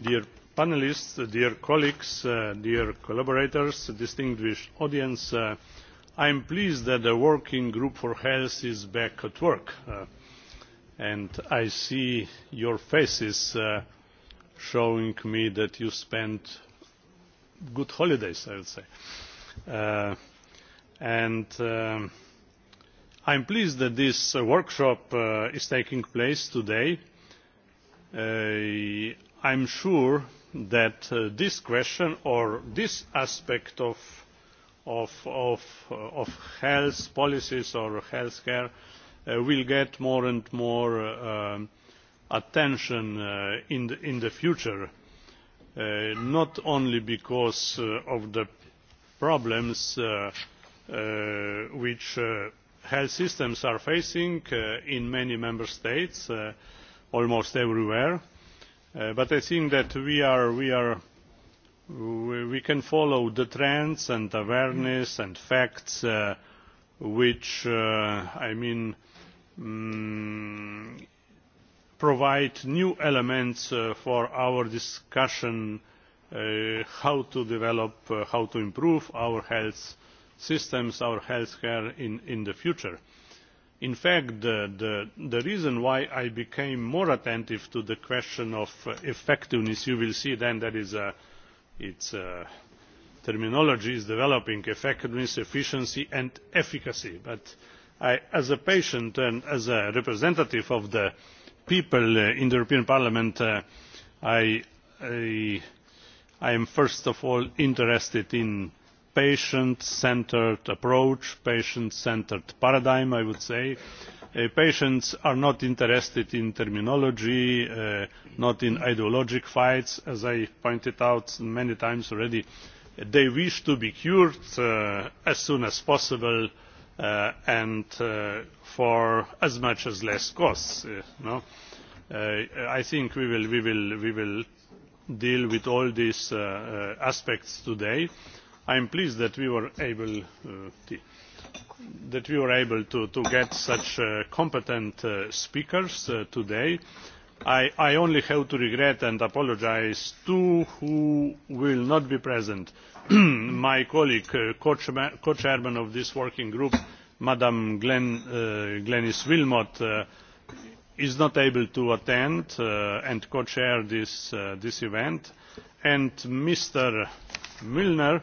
dear panelists, dear colleagues uh, dear collaborators distinguished audience uh, i am pleased that the working group for health is back at work uh, and i see your faces uh, showing me that you spent good holidays i would say and uh, i am pleased that this uh, workshop uh, is taking place today. i am sure that this question or this aspect of, health policies or health care will get more and more um, attention in the future not only because of the problems Uh, which uh, health systems are facing uh, in many member states almost everywhere but i think that we are we are we can follow the trends and awareness mm-hmm. and facts which i mean mm, provide new elements for our discussion how to develop how to improve our health systems our healthcare in in the future in fact the, the reason why i became more attentive to the question of uh, effectiveness you will see then that is uh, its uh, terminology is developing effectiveness efficiency and efficacy but i as a patient and as a representative of the people in the european parliament i i am first of all interested in patient centred approach patient centred paradigm i would say. Uh, patients are not interested in terminology uh, not in ideological fights as i pointed out many times already. they wish to be cured uh, as soon as possible and for as much as less costs. i think we will deal with all these aspects today i am pleased that we were able uh, to, get such uh, competent uh, speakers today. I, only have to regret and apologise to who will not be present my colleague, co chairman of this working group, Madam Glennis Glenis Wilmot, is not able to attend and co chair this, this event, and Mr Milner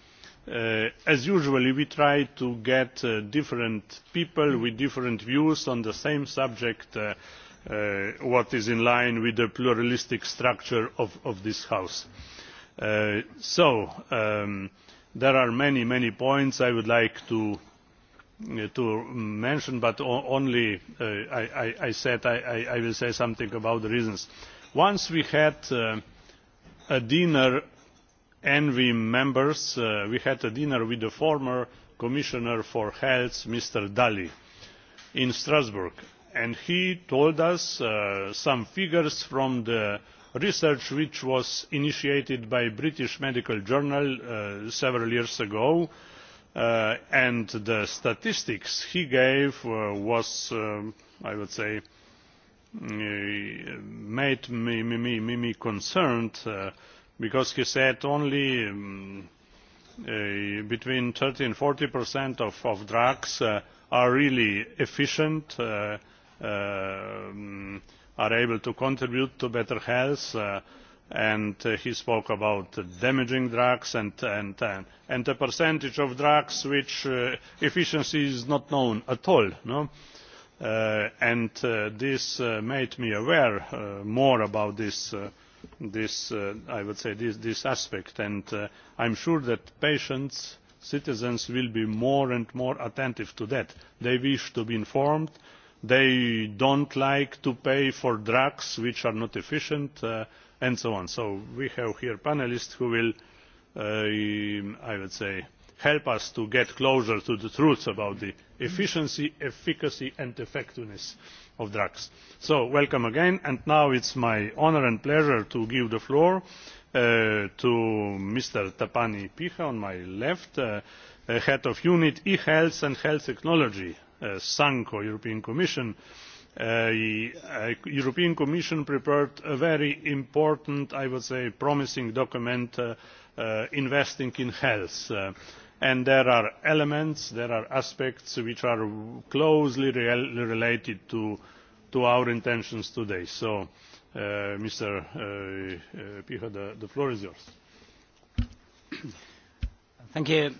Uh, as usual we try to get uh, different people with different views on the same subject uh, what is in line with the pluralistic structure of, this house. so um, there are many many points i would like to, mention but only I, said I, i will say something about the reasons. once we had a dinner envi members uh, we had a dinner with the former commissioner for health mr dalli in strasbourg and he told us uh, some figures from the research which was initiated by a british medical journal uh, several years ago and the statistics he gave was um, i would say mm, made me concerned because he said only mm, eh, between 30 and 40 percent of, of drugs eh, are really efficient, eh, are able to contribute to better health, and he spoke about damaging drugs and, and, and the percentage of drugs which efficiency is not known at all. No? And this made me aware more about this this uh, i would say this, this aspect and uh, i am sure that patients citizens will be more and more attentive to that. they wish to be informed they do not like to pay for drugs which are not efficient uh, and so on. so we have here panellists who will i would say help us to get closer to the truth about the efficiency efficacy and effectiveness of drugs. so welcome again and now it is my honour and pleasure to give the floor uh, to mr tapani piha on my left uh, uh, head of unit e health and health technology sanco european commission. the european commission prepared a very important i would say promising document investing in health' and there are elements there are aspects which are closely related to, our intentions today. so uh, mr uh, uh, pieper the, floor is yours. Thank you.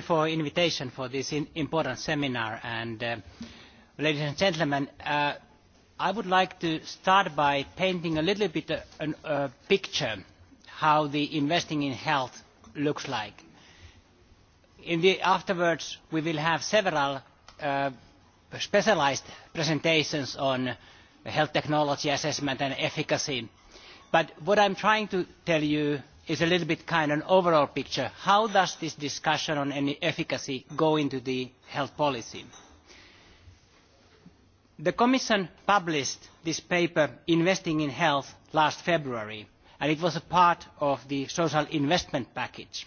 for the invitation for this important seminar and ladies and gentlemen i would like to start by painting a little bit of a, a picture of how the investing in health looks like in the afterwards we will have several uh, specialised presentations on health technology assessment and efficacy but what i am trying to tell you is a little bit kind of an overall picture how does this discussion on any efficacy go into the health policy? the commission published this paper investing in health last february and it was a part of the social investment package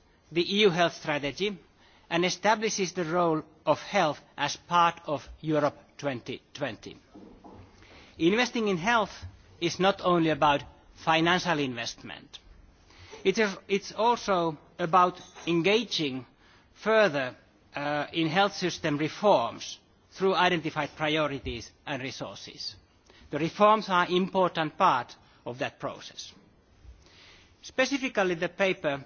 the eu health strategy and establishes the role of health as part of europe. two twenty investing in health is not only about financial investment it is also about engaging further uh, in health system reforms through identified priorities and resources. the reforms are an important part of that process. specifically the paper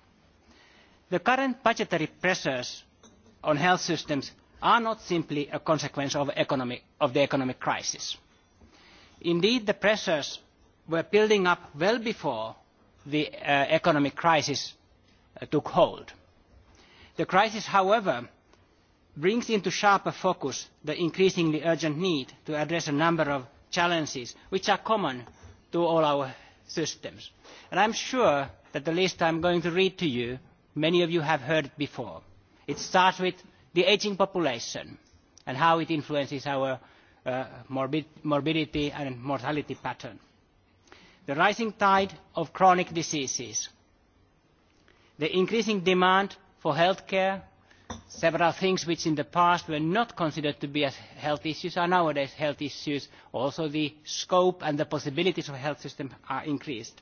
the current budgetary pressures on health systems are not simply a consequence of, of the economic crisis. indeed the pressures were building up well before the uh, economic crisis uh, took hold. the crisis however brings into sharper focus the increasingly urgent need to address a number of challenges which are common to all our systems. i am sure that the list i am going to read to you many of you have heard it before. it starts with the ageing population and how it influences our uh, morbidity and mortality pattern the rising tide of chronic diseases the increasing demand for health care several things which in the past were not considered to be as health issues are nowadays health issues also the scope and the possibilities of health system are increased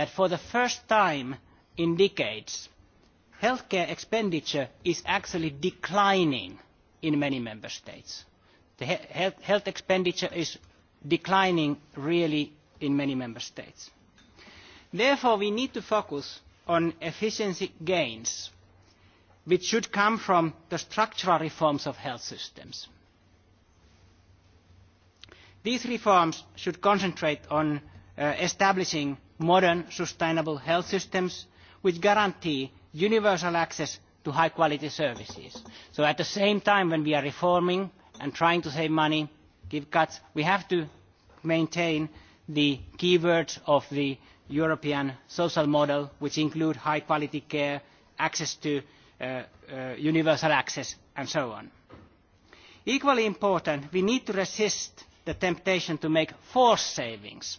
that for the first time in decades healthcare expenditure is actually declining in many member states. health expenditure is declining really in many member states. Therefore, we need to focus on efficiency gains, which should come from the structural reforms of health systems. These reforms should concentrate on Uh, establishing modern sustainable health systems which guarantee universal access to high quality services. so at the same time when we are reforming and trying to save money give cuts we have to maintain the key words of the european social model which include high quality care access to uh, uh, universal access and so on. equally important we need to resist the temptation to make forced savings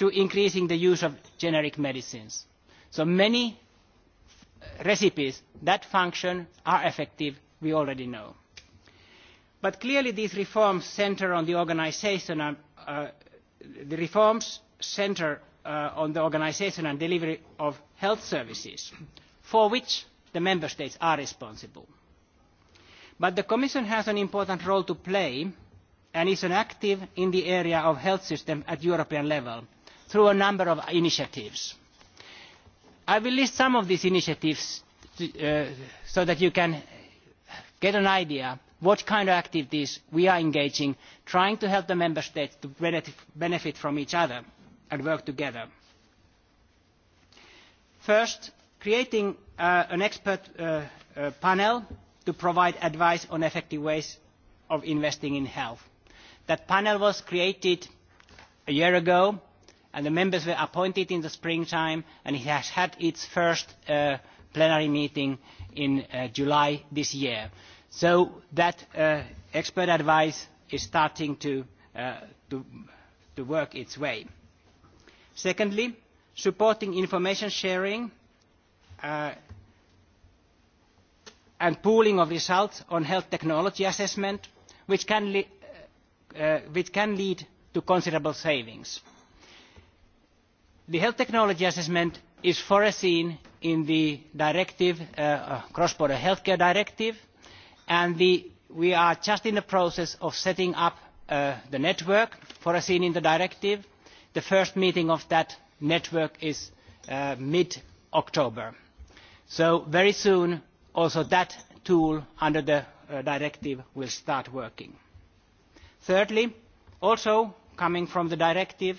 to increasing the use of generic medicines. so many recipes that function are effective we already know. but clearly these reforms centre on the organisation and uh, the reforms centre uh, on the organisation and delivery of health services for which the member states are responsible. but the commission has an important role to play and is an active in the area of health systems at european level through a number of initiatives. i will list some of these initiatives uh, so that you can get an idea what kind of activities we are engaging in trying to help the member states to benefit from each other and work together. first creating uh, an expert uh, panel to provide advice on effective ways of investing in health. that panel was created a year ago and the members were appointed in the springtime and it has had its first uh, plenary meeting in uh, July this year. So that uh, expert advice is starting to, to, work its way. Secondly, supporting information sharing and pooling of results on health technology assessment, which can, which can lead to considerable savings the health technology assessment is foreseen in the directive uh, uh, cross border healthcare directive and we are just in the process of setting up uh, the network foreseen in the directive. the first meeting of that network is mid october so very soon also that tool under the directive will start working. thirdly also coming from the directive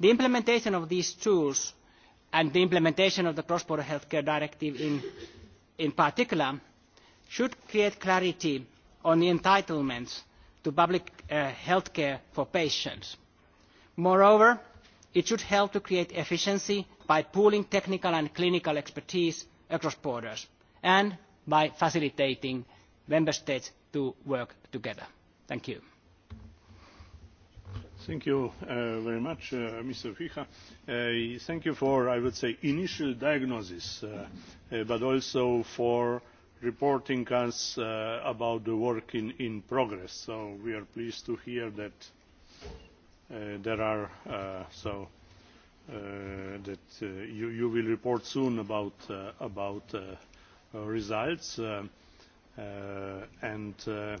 the implementation of these tools and the implementation of the cross border healthcare directive in, particular should create clarity on the entitlements to public uh, health care for patients. moreover it should help to create efficiency by pooling technical and clinical expertise across borders and by facilitating member states to work together. thank you. Thank you uh, very much, Mr. Fija. Uh, uh thank you for, I would say, initial diagnosis, uh, but also for reporting us about the work in, progress. So we are pleased to hear that there are so that you, you will report soon about about results and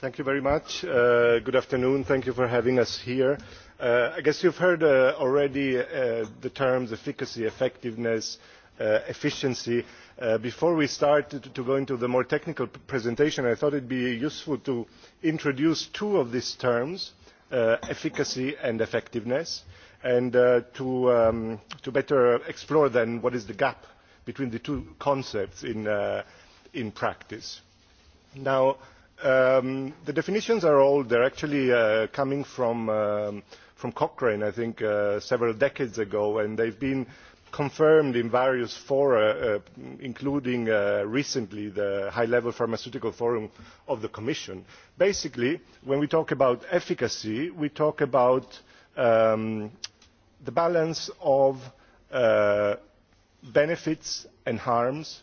Thank you very much. Uh, good afternoon. Thank you for having us here. Uh, I guess you have heard uh, already the terms efficacy, effectiveness, efficiency. Before we start to, go into the more technical presentation, I thought it would be useful to introduce two of these terms, efficacy and effectiveness, and um, to, better explore then what is the gap between the two concepts in practice now um, the definitions are old they're actually uh, coming um, from cochrane i think uh, several decades ago and they've been confirmed in various fora uh, including recently the high level pharmaceutical forum of the commission basically when we talk about efficacy we talk about um, the balance of benefits and harms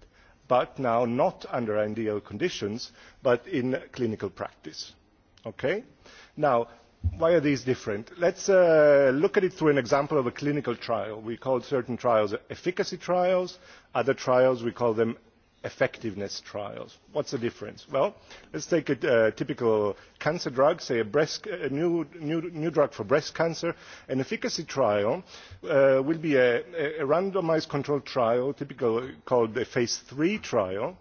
but now not under ideal conditions, but in clinical practice. Okay? Now, why are these different? Let's uh, look at it through an example of a clinical trial. We call certain trials efficacy trials. Other trials, we call them effectiveness trials. What the difference? Well, let's take a typical cancer drug, say a, new, new, drug for breast cancer. An efficacy trial uh, will be a, randomized randomised controlled trial, typically called a phase three trial,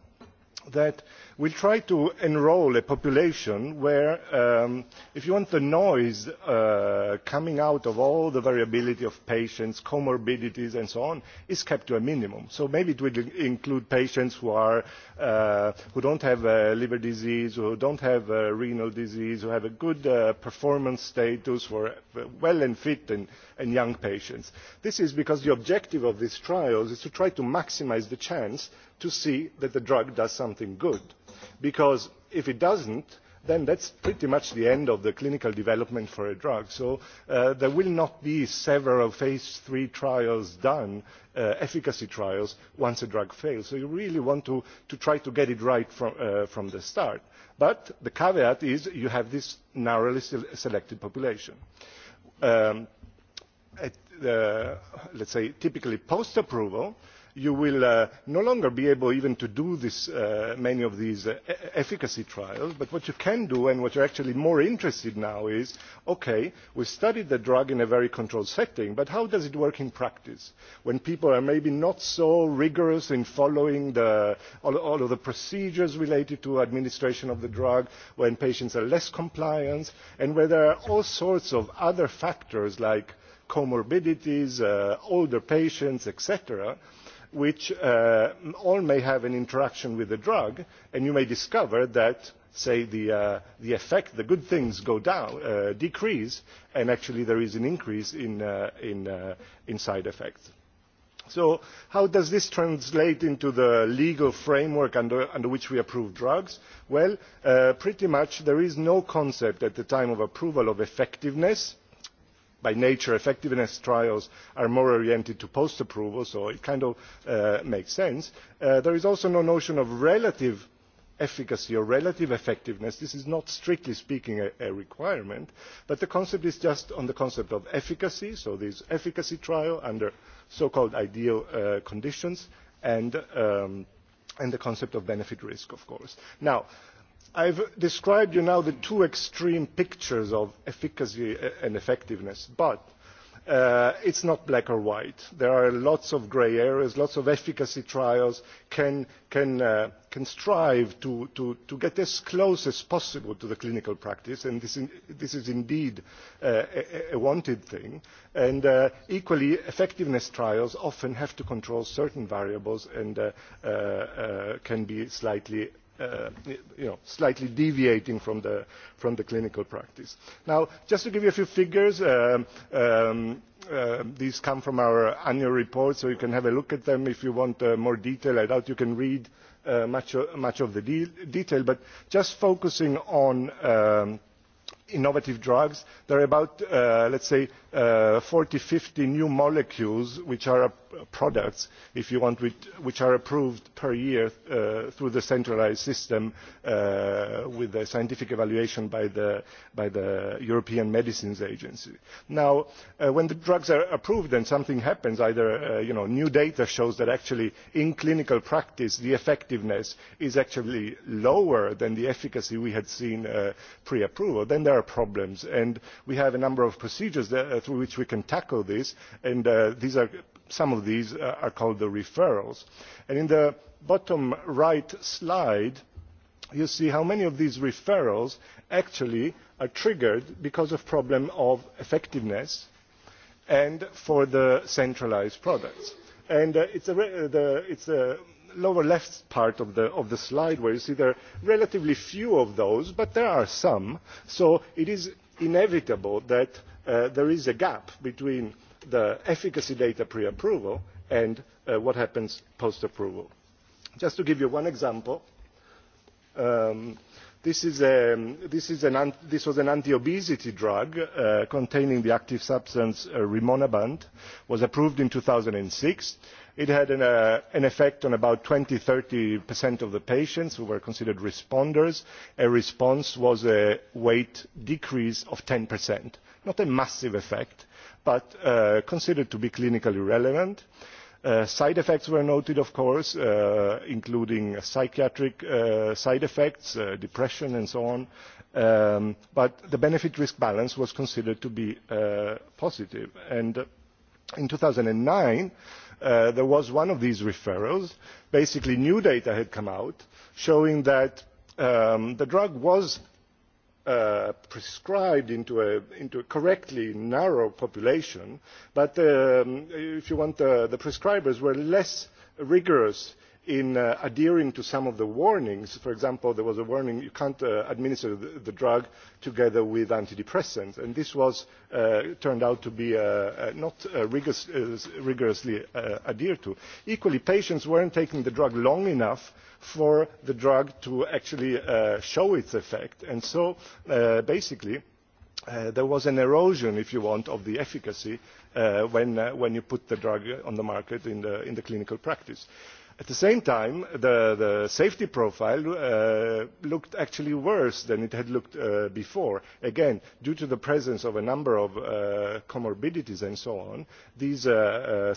that will try to enrol a population where um, if you want the noise uh, coming out of all the variability of patients comorbidities and so on is kept to a minimum so maybe it will include patients who are uh, not have liver disease who not have renal disease who have a good uh, performance status for well and fit and, young patients this is because the objective of these trials is to try to maximise the chance to see that the drug does something good because if it does not then that is pretty much the end of the clinical development for a drug so uh, there will not be several phase three trials done uh, efficacy trials once a drug fails so you really want to, to try to get it right from, uh, the start but the caveat is you have this narrowly selected population. Um, at, let's say typically post approval you will uh, no longer be able even to do uh, many of these uh, e-, efficacy trials but what you can do and what you are actually more interested in now is ok we studied the drug in a very controlled setting but how does it work in practice when people are maybe not so rigorous in following all, of the procedures related to administration of the drug when patients are less compliant and where there are all sorts of other factors like comorbidities older patients etc which uh, all may have an interaction with the drug and you may discover that say the, uh, the effect the good things go down uh, decrease and actually there is an increase in, in, side effects. so how does this translate into the legal framework under which we approve drugs? well pretty much there is no concept at the time of approval of effectiveness by nature effectiveness trials are more oriented to post approval so it kind of uh, makes sense. Uh, there is also no notion of relative efficacy or relative effectiveness. this is not strictly speaking a, requirement but the concept is just on the concept of efficacy so this efficacy trial under so called ideal uh, conditions and, um, and the concept of benefit risk of course. now i have described you now the two extreme pictures of efficacy and effectiveness but uh, it is not black or white. there are lots of grey areas lots of efficacy trials can, can, uh, can strive to, to, get as close as possible to the clinical practice and this, is indeed uh, a wanted thing and equally effectiveness trials often have to control certain variables and can be slightly uh, you know, slightly deviating from the, from the clinical practice. Now, just to give you a few figures, um, um, um, these come from our annual report, so you can have a look at them if you want uh, more detail. I doubt you can read uh, much, of the detail, but just focusing on innovative drugs, there are about, uh, let's say, Uh, forty or fifty new molecules which are products if you want which are approved per year uh, through the centralised system uh, with a scientific evaluation by the, european medicines agency. now when the drugs are approved and something happens either new data shows that actually in clinical practice the effectiveness is actually lower than the efficacy we had seen pre approval then there are problems and we have a number of procedures through which we can tackle this and uh, some of these uh, are called the referrals. And in the bottom right slide you see how many of these referrals actually are triggered because of problems of effectiveness and for the centralised products. And uh, is the, lower left part of the slide where you see there are relatively few of those, but there are some. So it is inevitable that Uh, there is a gap between the efficacy data pre approval and uh, what happens post approval. just to give you one example um, um, this, was an anti obesity drug uh, containing the active substance rimonabant was approved in two thousand and six it had uh, an, effect on about twenty thirty of the patients who were considered responders a response was a weight decrease of ten not a massive effect but uh, considered to be clinically relevant. Uh, side effects were noted of course including psychiatric side effects depression and so on um, but the benefit risk balance was considered to be positive in two thousand nine Uh, there was one of these referrals basically new data had come out showing that um, the drug was uh, prescribed into a, into correctly narrow population but um, if you want uh, the prescribers were less rigorous in uh, adhering to some of the warnings for example there was a warning you cannot uh, administer the, drug together with antidepressants and this was uh, turned out to be not rigorously adhered to. equally patients were not taking the drug long enough for the drug to actually show its effect and so basically there was an erosion if you want of the efficacy when, you put the drug on the market in in the clinical practice at the same time the, safety profile uh, looked actually worse than it had looked uh, before again due to the presence of a number of uh, comorbidities and so on these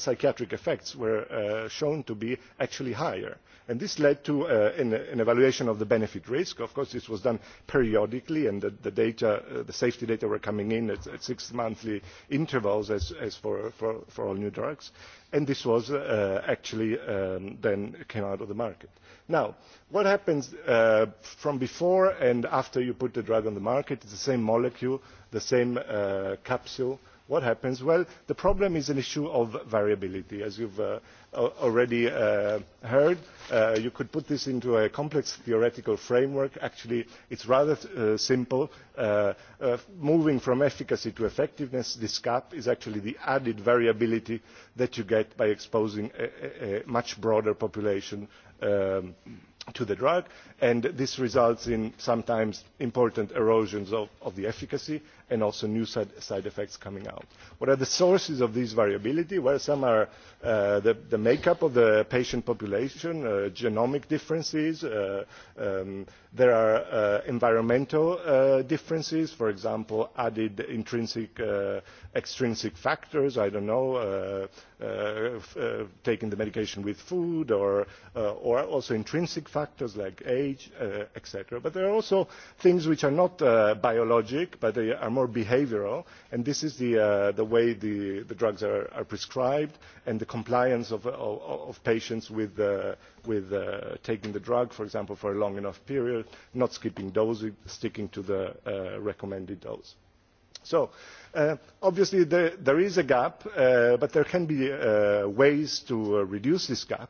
psychiatric effects were shown to be actually higher and this led to an, evaluation of the benefit risk of course this was done periodically and the, data the safety data were coming in at, six monthly intervals as, as for, for all new drugs and this was uh, actually um, then came out of the market. now what happens uh, from before and after you put the drug on the market is the same molecule the same uh, capsule what happens? well the problem is an issue of variability as you have uh, already uh, heard. Uh, you could put this into a complex theoretical framework. actually it is rather simple. moving from efficacy to effectiveness this gap is actually the added variability that you get by exposing a much broader population um, to the drug and this results in sometimes important erosions of the efficacy and also new side effects coming out. What are the sources of this variability? Well, some are uh, the, makeup of the patient population, uh, genomic differences. Uh, um, there are environmental differences, for example, added intrinsic, extrinsic factors, I don't know, taking the medication with food or, or also intrinsic factors like age, etc. But there are also things which are not biologic, but they are more behavioural and this is the, uh, way the, drugs are, prescribed and the compliance of, patients with, uh, uh, taking the drug for example for a long enough period not skipping doses sticking to the recommended dose so obviously there, is a gap but there can be ways to reduce this gap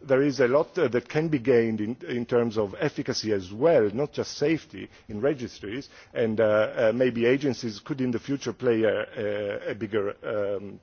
there is a lot uh, that can be gained in, terms of efficacy as well not just safety in registries and uh, uh, maybe agencies could in the future play a, bigger um,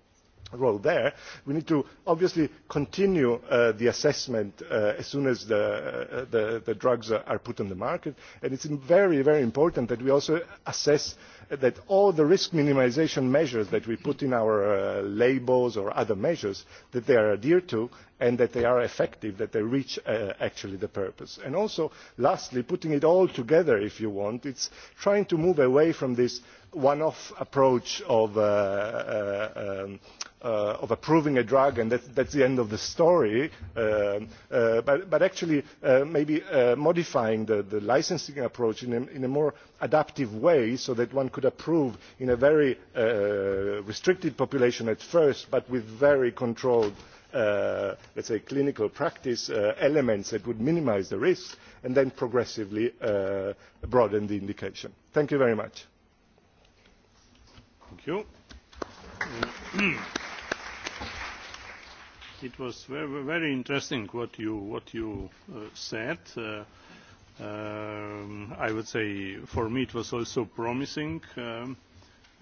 role there. we need to obviously continue the assessment as soon as the, drugs are put on the market and it is very very important that we also assess that all the risk minimisation measures that we put in our uh, labels or other measures that they are adhered to and that they are effective that they reach uh, actually the purpose. and also lastly putting it all together if you want it is trying to move away from this one off approach uh, um, of, approving a drug and that is the end of the story um, but, actually maybe modifying the, licensing approach in a more adaptive way so that one could approve in a very uh, restricted population at first but with very controlled uh, let us say clinical practice uh, elements that would minimise the risk and then progressively broaden the indication. thank you very much. Thank you. it was very interesting what you, what you said. Um, I would say for me it was also promising um,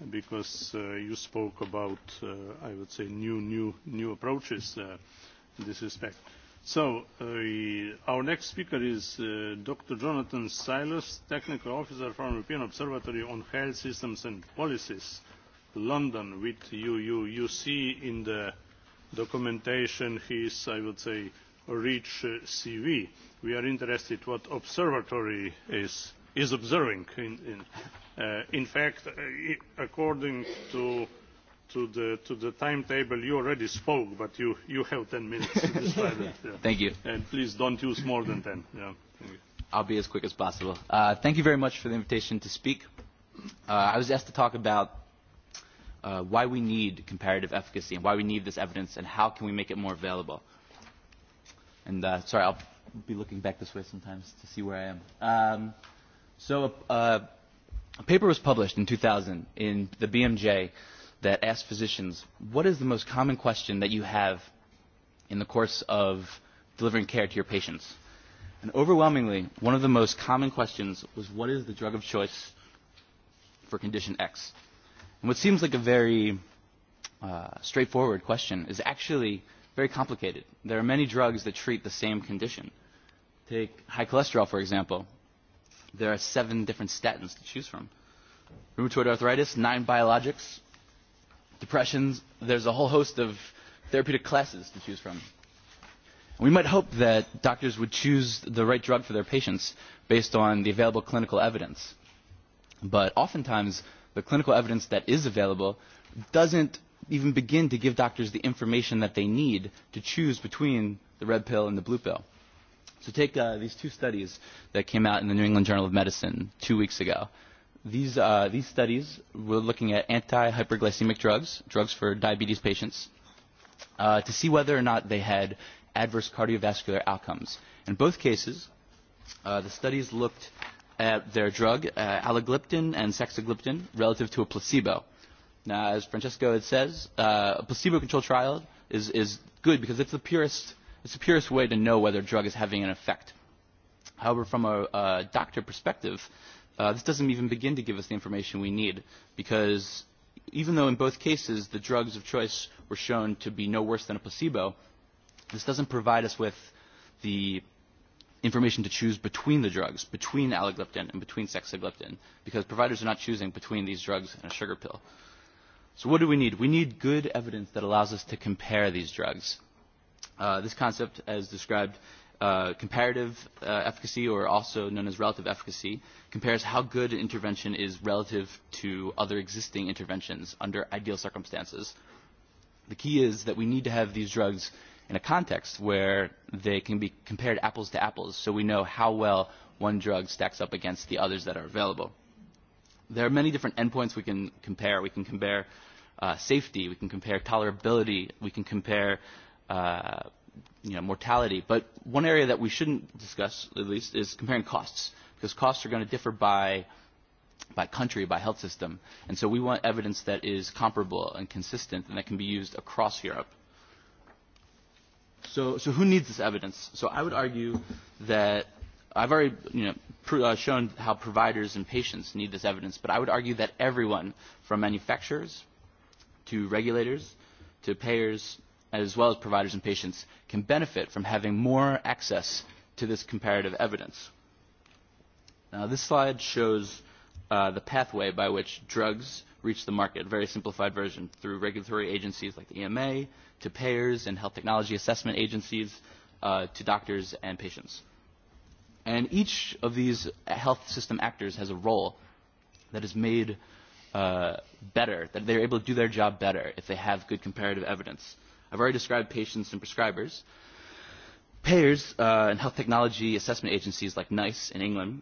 because uh, you spoke about uh, I would say new new new approaches uh, in this respect. So our next speaker is Dr Jonathan Silas, Technical Officer from the European Observatory on Health Systems and Policies, London, with you you you see in the documentation his I would say rich CV we are interested in what the observatory is, is observing. In, in, uh, in fact, uh, according to, to, the, to the timetable, you already spoke, but you, you have 10 minutes to describe Thank you. And please don't use more than 10. Yeah. I'll be as quick as possible. Uh, thank you very much for the invitation to speak. Uh, I was asked to talk about uh, why we need comparative efficacy and why we need this evidence and how can we make it more available. And uh, sorry, I'll be looking back this way sometimes to see where I am. Um, so uh, a paper was published in 2000 in the BMJ that asked physicians, what is the most common question that you have in the course of delivering care to your patients? And overwhelmingly, one of the most common questions was, what is the drug of choice for condition X? And what seems like a very uh, straightforward question is actually – very complicated. There are many drugs that treat the same condition. Take high cholesterol, for example. There are seven different statins to choose from. Rheumatoid arthritis, nine biologics. Depressions, there's a whole host of therapeutic classes to choose from. We might hope that doctors would choose the right drug for their patients based on the available clinical evidence. But oftentimes, the clinical evidence that is available doesn't even begin to give doctors the information that they need to choose between the red pill and the blue pill. So take uh, these two studies that came out in the New England Journal of Medicine two weeks ago. These, uh, these studies were looking at anti-hyperglycemic drugs, drugs for diabetes patients, uh, to see whether or not they had adverse cardiovascular outcomes. In both cases, uh, the studies looked at their drug, uh, and sexagliptin, relative to a placebo Now, as Francesco had says, uh, a placebo-controlled trial is, is good because it's the, purest, it's the purest way to know whether a drug is having an effect. However, from a, a doctor perspective, uh, this doesn't even begin to give us the information we need because even though in both cases the drugs of choice were shown to be no worse than a placebo, this doesn't provide us with the information to choose between the drugs, between alloglyptin and between sexagliptin, because providers are not choosing between these drugs and a sugar pill. So what do we need? We need good evidence that allows us to compare these drugs. Uh, this concept, as described, uh, comparative uh, efficacy, or also known as relative efficacy, compares how good an intervention is relative to other existing interventions under ideal circumstances. The key is that we need to have these drugs in a context where they can be compared apples to apples, so we know how well one drug stacks up against the others that are available there are many different endpoints we can compare. We can compare uh, safety, we can compare tolerability, we can compare uh, you know, mortality. But one area that we shouldn't discuss, at least, is comparing costs, because costs are going to differ by by country, by health system. And so we want evidence that is comparable and consistent and that can be used across Europe. So, so who needs this evidence? So I would argue that I've already you know, uh, shown how providers and patients need this evidence, but I would argue that everyone, from manufacturers to regulators to payers, as well as providers and patients, can benefit from having more access to this comparative evidence. Now, this slide shows uh, the pathway by which drugs reach the market, a very simplified version, through regulatory agencies like the EMA, to payers and health technology assessment agencies, uh, to doctors and patients. And each of these health system actors has a role that is made uh, better, that they're able to do their job better if they have good comparative evidence. I've already described patients and prescribers. Payers uh, and health technology assessment agencies like NICE in England,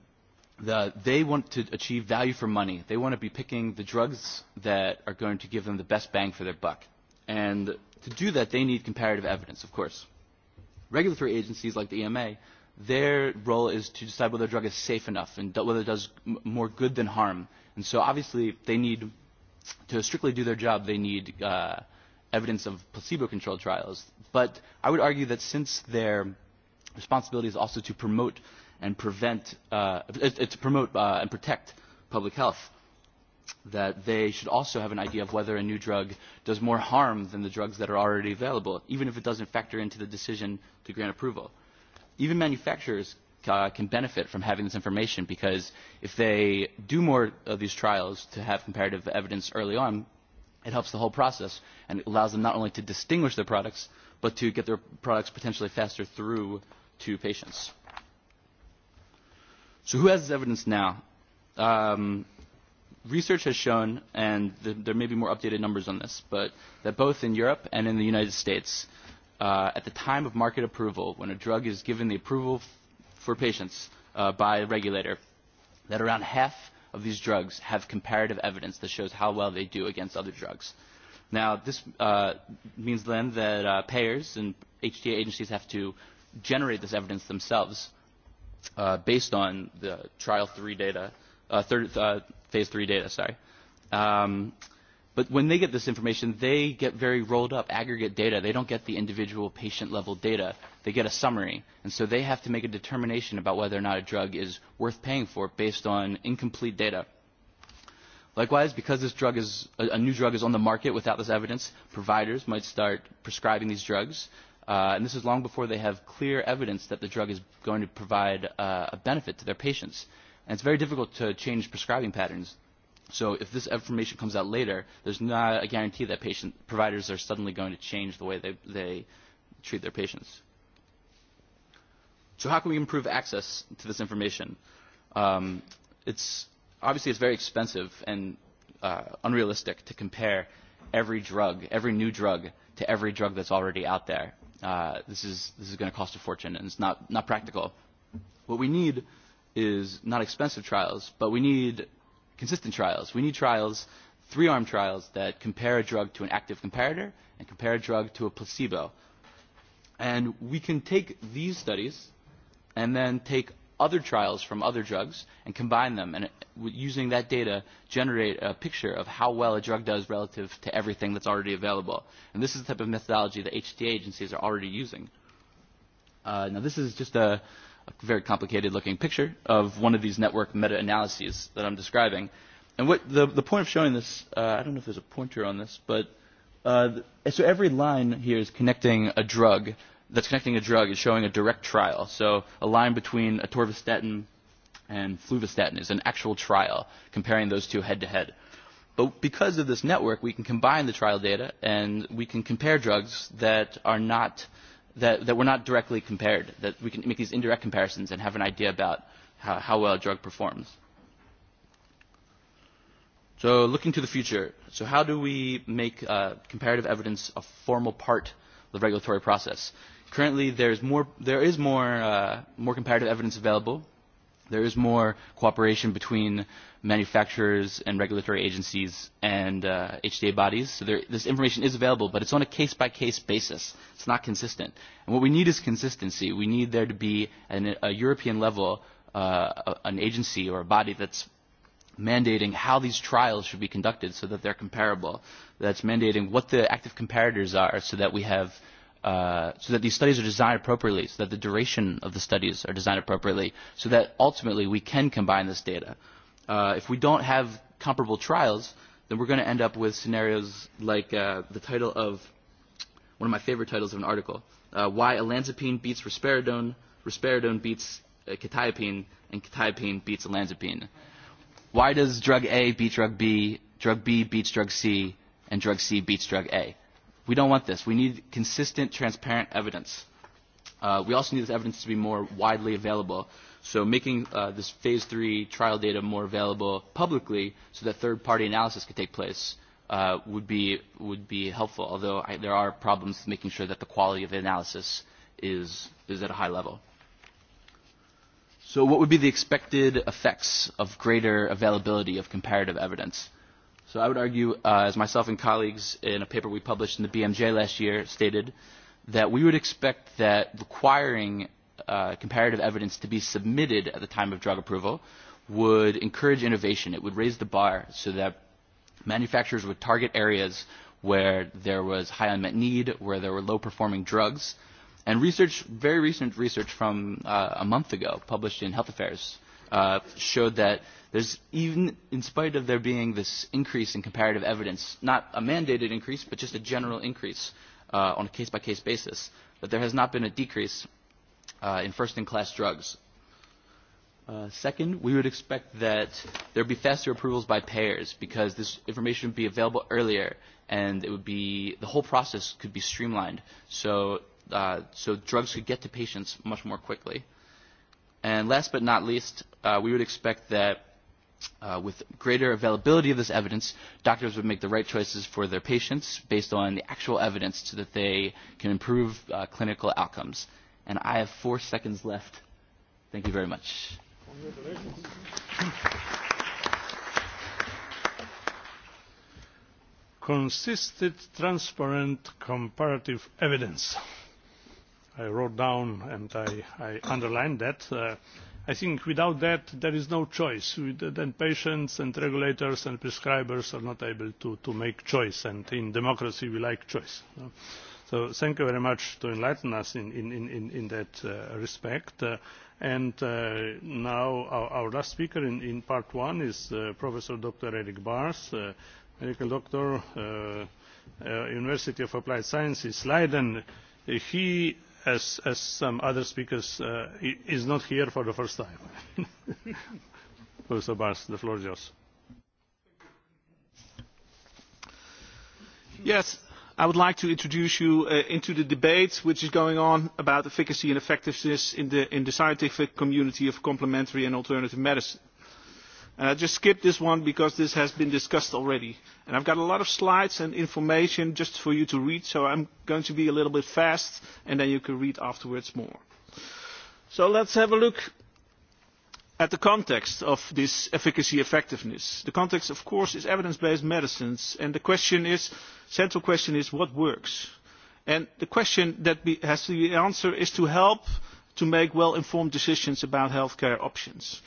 the, they want to achieve value for money. They want to be picking the drugs that are going to give them the best bang for their buck. And to do that, they need comparative evidence, of course. Regulatory agencies like the EMA their role is to decide whether a drug is safe enough and whether it does m more good than harm. And so obviously they need to strictly do their job, they need uh, evidence of placebo-controlled trials. But I would argue that since their responsibility is also to promote and prevent, uh, to promote uh, and protect public health, that they should also have an idea of whether a new drug does more harm than the drugs that are already available, even if it doesn't factor into the decision to grant approval even manufacturers uh, can benefit from having this information because if they do more of these trials to have comparative evidence early on, it helps the whole process and it allows them not only to distinguish their products, but to get their products potentially faster through to patients. So who has this evidence now? Um, research has shown, and th there may be more updated numbers on this, but that both in Europe and in the United States, uh, at the time of market approval, when a drug is given the approval for patients uh, by a regulator, that around half of these drugs have comparative evidence that shows how well they do against other drugs. Now, this uh, means then that uh, payers and HTA agencies have to generate this evidence themselves uh, based on the trial three data, uh, third, uh, phase three data, sorry. Um, But when they get this information, they get very rolled up aggregate data. They don't get the individual patient level data. They get a summary. And so they have to make a determination about whether or not a drug is worth paying for based on incomplete data. Likewise, because this drug is, a new drug is on the market without this evidence, providers might start prescribing these drugs. Uh, and this is long before they have clear evidence that the drug is going to provide uh, a benefit to their patients. And it's very difficult to change prescribing patterns So if this information comes out later, there's not a guarantee that patient providers are suddenly going to change the way they, they treat their patients. So how can we improve access to this information? Um, it's obviously it's very expensive and uh, unrealistic to compare every drug, every new drug, to every drug that's already out there. Uh, this is this is going to cost a fortune, and it's not not practical. What we need is not expensive trials, but we need consistent trials. We need trials, three-arm trials, that compare a drug to an active comparator and compare a drug to a placebo. And we can take these studies and then take other trials from other drugs and combine them and uh, using that data generate a picture of how well a drug does relative to everything that's already available. And this is the type of methodology that HTA agencies are already using. Uh, now this is just a a very complicated looking picture of one of these network meta analyses that I'm describing. And what the, the point of showing this, uh, I don't know if there's a pointer on this, but uh, so every line here is connecting a drug that's connecting a drug is showing a direct trial. So a line between atorvastatin and fluvastatin is an actual trial, comparing those two head to head. But because of this network, we can combine the trial data and we can compare drugs that are not that, that we're not directly compared, that we can make these indirect comparisons and have an idea about how, how well a drug performs. So looking to the future, so how do we make uh, comparative evidence a formal part of the regulatory process? Currently, there's more, there is more, uh, more comparative evidence available there is more cooperation between manufacturers and regulatory agencies and uh, HDA bodies. So there, this information is available, but it's on a case-by-case -case basis. It's not consistent. And what we need is consistency. We need there to be an, a European level, uh, an agency or a body that's mandating how these trials should be conducted so that they're comparable, that's mandating what the active comparators are so that we have – uh, so that these studies are designed appropriately, so that the duration of the studies are designed appropriately, so that ultimately we can combine this data. Uh, if we don't have comparable trials, then we're going to end up with scenarios like uh, the title of one of my favorite titles of an article, uh, Why Olanzapine Beats Risperidone, Risperidone Beats uh, Quetiapine, and Quetiapine Beats Olanzapine. Why does drug A beat drug B, drug B beats drug C, and drug C beats drug A? We don't want this. We need consistent, transparent evidence. Uh, we also need this evidence to be more widely available. So making uh, this phase three trial data more available publicly so that third-party analysis could take place uh, would, be, would be helpful, although I, there are problems making sure that the quality of the analysis is, is at a high level. So what would be the expected effects of greater availability of comparative evidence? So I would argue, uh, as myself and colleagues in a paper we published in the BMJ last year stated, that we would expect that requiring uh, comparative evidence to be submitted at the time of drug approval would encourage innovation. It would raise the bar so that manufacturers would target areas where there was high unmet need, where there were low-performing drugs. And research, very recent research from uh, a month ago, published in Health Affairs, uh, showed that There's even, in spite of there being this increase in comparative evidence, not a mandated increase, but just a general increase uh, on a case-by-case basis, that there has not been a decrease uh, in first-in-class drugs. Uh, second, we would expect that there would be faster approvals by payers because this information would be available earlier and it would be, the whole process could be streamlined so, uh, so drugs could get to patients much more quickly. And last but not least, uh, we would expect that Uh, with greater availability of this evidence, doctors would make the right choices for their patients based on the actual evidence so that they can improve uh, clinical outcomes. And I have four seconds left. Thank you very much. Consistent, transparent, comparative evidence. I wrote down and I, I underlined that. Uh, i think without that there is no choice then patients and regulators and prescribers are not able to, to make choice and in democracy we like choice. so thank you very much for enlightening us in, in, in, that uh, respect. Uh, and uh, now our, our last speaker in part one is professor dr eric bars medical doctor university of applied sciences leiden. he as as some other speakers uh, is not here for the first time. Professor Barnes, the floor is yours. Yes, I would like to introduce you uh, into the debate which is going on about efficacy and effectiveness in the, in the scientific community of complementary and alternative medicine And I just skipped this one because this has been discussed already. And I've got a lot of slides and information just for you to read, so I'm going to be a little bit fast, and then you can read afterwards more. So let's have a look at the context of this efficacy effectiveness. The context, of course, is evidence-based medicines, and the question is, central question is, what works? And the question that has to be answered is to help to make well-informed decisions about healthcare options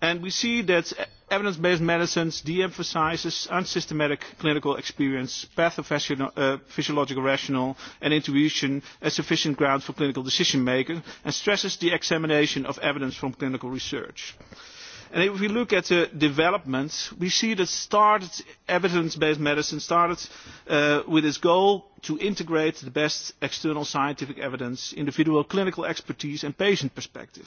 and we see that evidence based medicines de emphasises unsystematic clinical experience pathophysiological uh, rationale and intuition as sufficient grounds for clinical decision making and stresses the examination of evidence from clinical research. And if we look at the development, we see that started evidence-based medicine started uh, with its goal to integrate the best external scientific evidence, individual clinical expertise and patient perspective.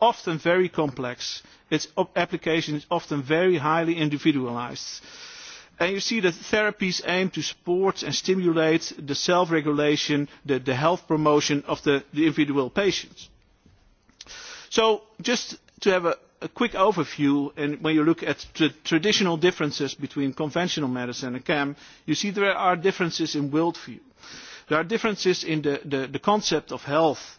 often very complex. Its application is often very highly individualised. And you see that therapies aim to support and stimulate the self regulation, the, the health promotion of the, individual patients. So just to have a, quick overview and when you look at the traditional differences between conventional medicine and CAM, you see there are differences in worldview. There are differences in the concept of health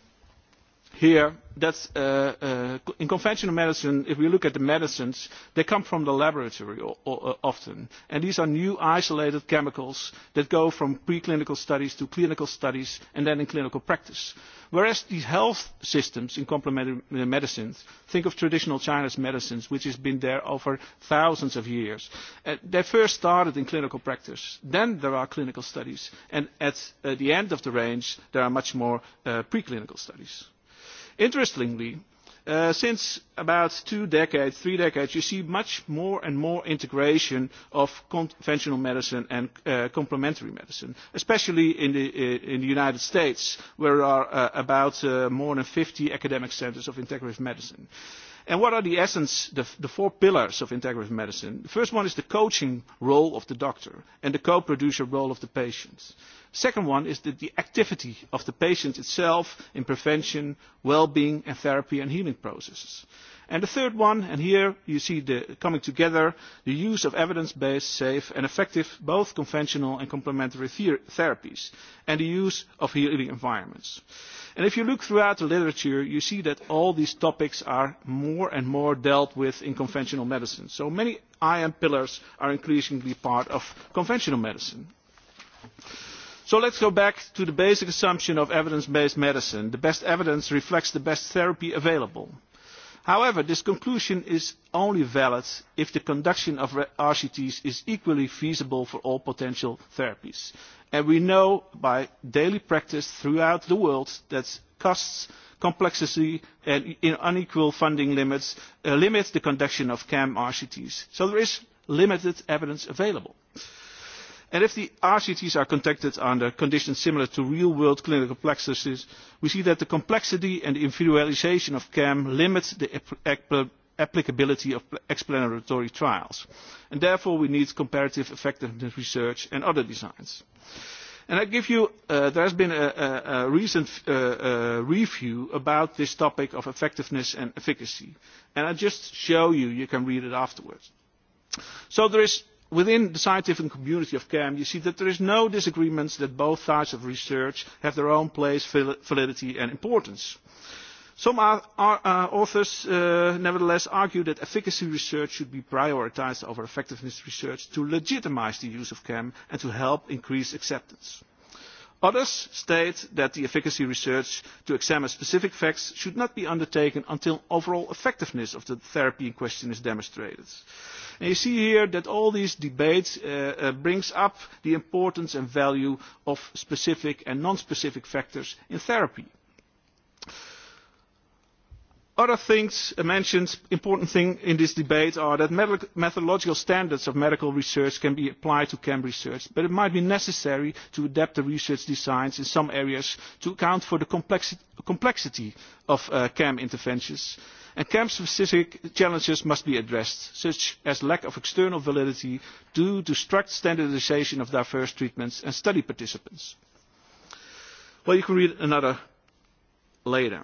here that uh, uh, in conventional medicine if we look at the medicines they come from the laboratory uh, often and these are new isolated chemicals that go from preclinical studies to clinical studies and then in clinical practice whereas these health systems in complementary medicines think of traditional chinese medicines which has been there over thousands of years they first started in clinical practice then there are clinical studies and at the end of the range there are much more preclinical studies Interestingly, uh, since about two decades, three decades, you see much more and more integration of conventional medicine and uh, complementary medicine, especially in the, uh, in the United States, where there are uh, about uh, more than 50 academic centers of integrative medicine. Uh, And what are the essence, the, the four pillars of integrative medicine? The first one is the coaching role of the doctor and the co-producer role of the patient. Second one is the, the activity of the patient itself in prevention, well-being and therapy and healing processes and the third one and here you see the coming together the use of evidence based safe and effective both conventional and complementary therapies and the use of healing environments. And if you look throughout the literature you see that all these topics are more and more dealt with in conventional medicine so many IM pillars are increasingly part of conventional medicine. So let's go back to the basic assumption of evidence based medicine the best evidence reflects the best therapy available However, this conclusion is only valid if the conduction of RCTs is equally feasible for all potential therapies. And we know by daily practice throughout the world that costs, complexity and unequal funding limits uh, limit the conduction of CAM RCTs. So there is limited evidence available and if the rcts are conducted under conditions similar to real world clinical practices we see that the complexity and individualisation of cam limit the applicability of explanatory trials and therefore we need comparative effectiveness research and other designs. I give you, uh, there has been a, recent uh, uh, review about this topic of effectiveness and efficacy. And I just show you, you can read it afterwards. So there is within the scientific community of cam you see that there is no disagreement that both types of research have their own place validity and importance. some uh, authors uh, nevertheless argue that efficacy research should be prioritised over effectiveness research to legitimise the use of cam and to help increase acceptance others state that the efficacy research to examine specific facts should not be undertaken until overall effectiveness of the therapy in question is demonstrated. you see here that all these debates bring uh, uh, brings up the importance and value of specific and non-specific factors in therapy other things uh, mentioned important thing in this debate are that methodological standards of medical research can be applied to chem research but it might be necessary to adapt the research designs in some areas to account for the complexity of uh, chem interventions and chem specific challenges must be addressed such as lack of external validity due to strict standardisation of diverse treatments and study participants. well you can read another later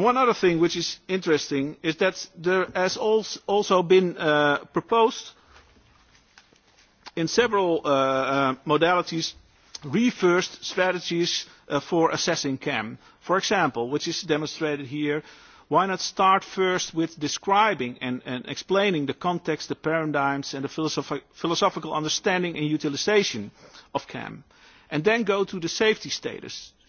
one other thing which is interesting is that there has also been uh, proposed in several uh, uh, modalities reversed strategies for assessing CAM. For example, which is demonstrated here, why not start first with describing and, explaining the context, the paradigms and the philosophical understanding and utilisation of CAM, and then go to the safety status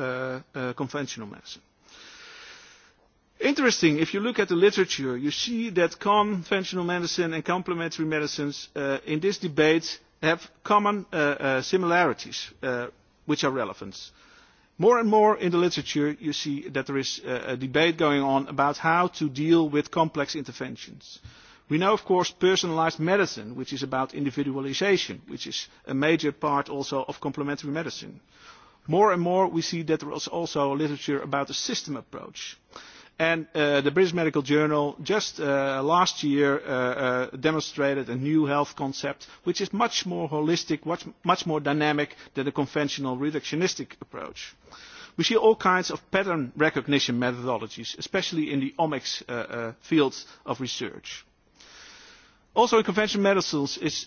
Uh, uh, conventional medicine. Interesting, if you look at the literature, you see that conventional medicine and complementary medicines uh, in this debate have common similarities which are relevant. More and more in the literature you see that there is a debate going on about how to deal with complex interventions. We know of course personalized medicine, which is about individualisation, which is a major part also of complementary medicine more and more we see that there is also literature about a system approach. And uh, the British Medical Journal just uh, last year uh, uh, demonstrated a new health concept which is much more holistic, much, much more dynamic than the conventional reductionistic approach. We see all kinds of pattern recognition methodologies, especially in the omics uh, uh, fields of research. Also in conventional medicines is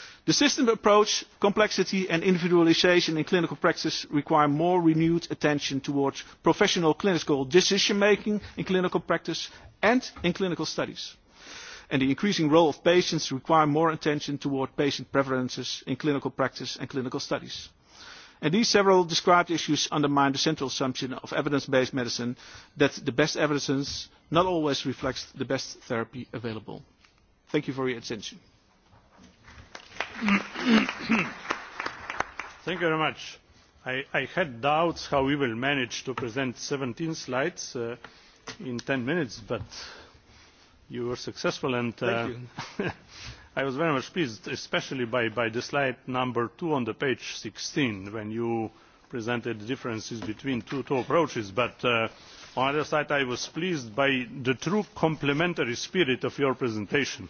the system approach complexity and individualisation in clinical practice require more renewed attention towards professional clinical decision making in clinical practice and in clinical studies and the increasing role of patients require more attention towards patient preferences in clinical practice and clinical studies. these several described issues undermine the central assumption of evidence based medicine that the best evidence not always reflects the best therapy available. Thank you for your attention. Thank you very much. I, I had doubts how we will manage to present 17 slides uh, in 10 minutes, but you were successful and uh, I was very much pleased, especially by, the slide number two on page 16, when you presented the differences between two, two approaches. But uh, on the other side, I was pleased by the true complementary spirit of your presentation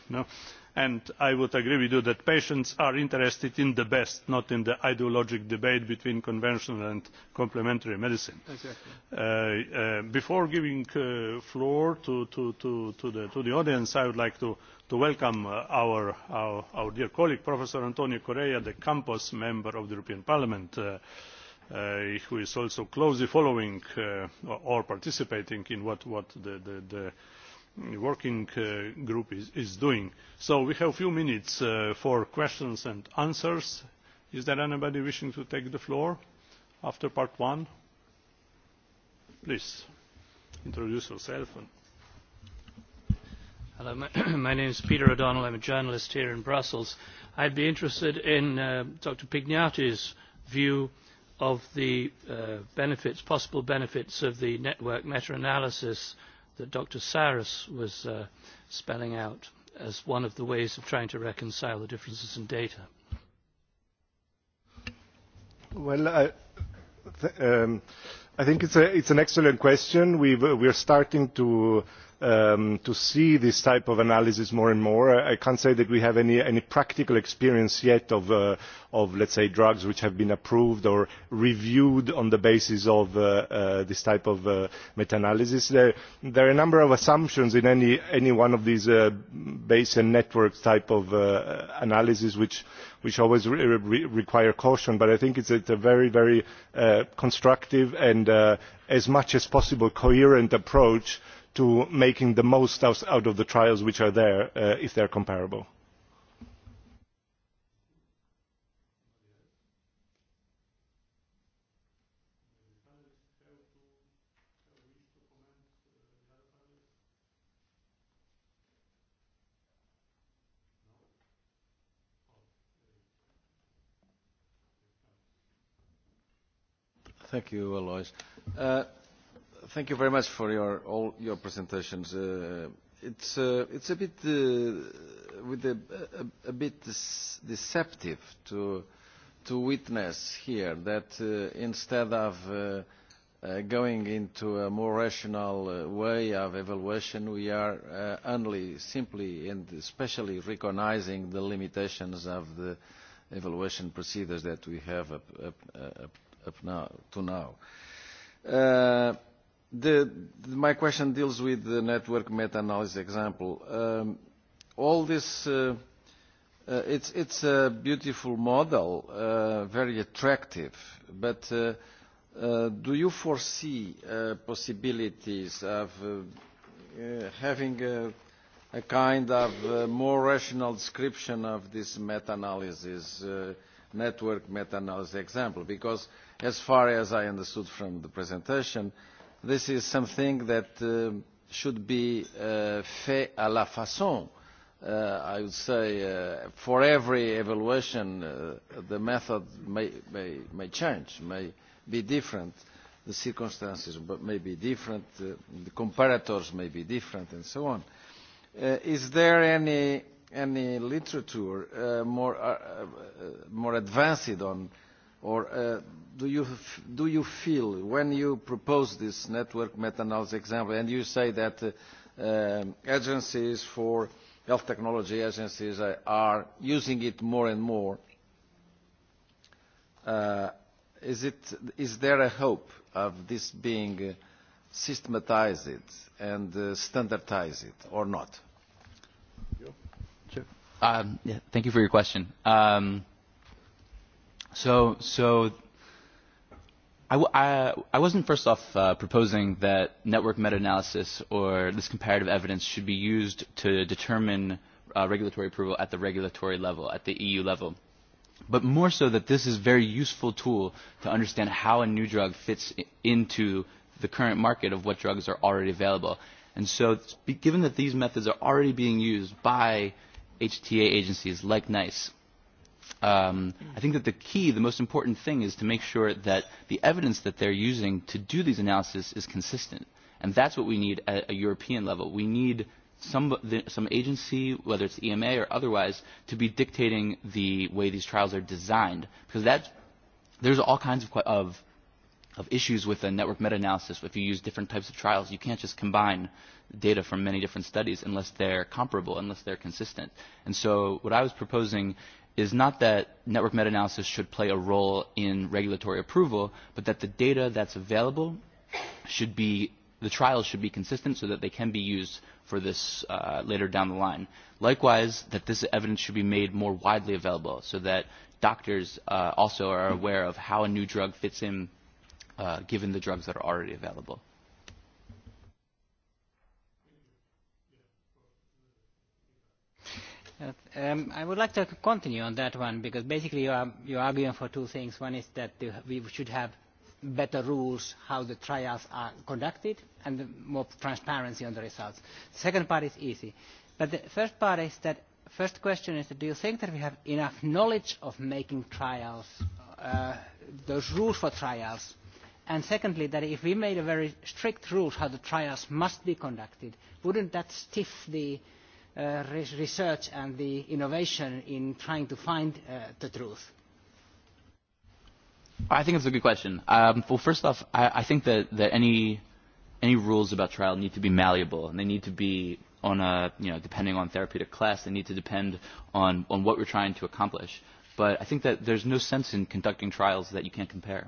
and i would agree with you that patients are interested in the best not in the ideological debate between conventional and complementary medicine. Uh, uh, before giving the uh, floor to, to, to, the, to the audience i would like to welcome our, our, our dear colleague professor antonio correia de campos member of the european parliament who is also closely following or participating in what, what the, the, working uh, group is, doing. so we have a few minutes uh, for questions and answers. is there anybody wishing to take the floor after part one? please introduce yourself. Hello, my, name is Peter O'Donnell. I'm a journalist here in Brussels. I'd be interested in uh, Dr. Pignati's view of the benefits, possible benefits of the network meta-analysis that Dr. Sars was uh, spelling out as one of the ways of trying to reconcile the differences in data? Well, I, um, I think it's, a, it's an excellent question. We are starting to Um, to see this type of analysis more and more. I can't say that we have any, any practical experience yet of, uh, of, let's say, drugs which have been approved or reviewed on the basis of uh, uh, this type of uh, meta-analysis. There, are a number of assumptions in any, any one of these base and network type of analysis which, which always require caution, but I think it it's a very, very constructive and as much as possible coherent approach to making the most out of the trials which are there uh, if they are comparable. Thank you, Alois. Uh, thank you very much for your all your presentations. Uh, it's uh, it's a bit uh, with a, a, a bit deceptive to to witness here that uh, instead of uh, uh, going into a more rational uh, way of evaluation, we are uh, only simply and especially recognizing the limitations of the evaluation procedures that we have up, up, uh, up, up now, to now. Uh, The, my question deals with the network meta-analysis example. Um, all this, uh, uh, it's, it's a beautiful model, uh, very attractive, but uh, uh, do you foresee uh, possibilities of uh, uh having a, a kind of uh, more rational description of this meta-analysis, network meta-analysis example? Because as far as I understood from the presentation, this is something that uh, should be uh, fait à la façon uh, i would say uh, for every evaluation uh, the method may, may may change may be different the circumstances but may be different uh, the comparators may be different and so on is there any any literature more more advanced on or uh, do, you, do you feel when you propose this network meta-analysis example and you say that uh, uh, agencies for health technology agencies are using it more and more, is, it, is there a hope of this being systematized and standardized or not? Um, yeah, thank you for your question. Um, So, so I, I, I wasn't first off uh, proposing that network meta-analysis or this comparative evidence should be used to determine uh, regulatory approval at the regulatory level, at the EU level. But more so that this is a very useful tool to understand how a new drug fits into the current market of what drugs are already available. And so given that these methods are already being used by HTA agencies like NICE, um, mm. I think that the key, the most important thing is to make sure that the evidence that they're using to do these analyses is consistent. And that's what we need at a European level. We need some, some agency, whether it's EMA or otherwise, to be dictating the way these trials are designed. Because that's, there's all kinds of, of, of issues with a network meta-analysis. If you use different types of trials, you can't just combine data from many different studies unless they're comparable, unless they're consistent. And so what I was proposing is not that network meta-analysis should play a role in regulatory approval, but that the data that's available should be, the trials should be consistent so that they can be used for this uh, later down the line. Likewise, that this evidence should be made more widely available so that doctors uh, also are aware of how a new drug fits in uh, given the drugs that are already available. Um, I would like to continue on that one because basically you are, you are arguing for two things. One is that we should have better rules how the trials are conducted and more transparency on the results. The second part is easy. But the first part is that first question is that do you think that we have enough knowledge of making trials, uh, those rules for trials? And secondly, that if we made a very strict rules how the trials must be conducted, wouldn't that stiff the Uh, research and the innovation in trying to find uh, the truth? I think it's a good question. Um, well, first off, I, I think that, that any any rules about trial need to be malleable and they need to be on a you know depending on therapeutic class they need to depend on on what we're trying to accomplish. But I think that there's no sense in conducting trials that you can't compare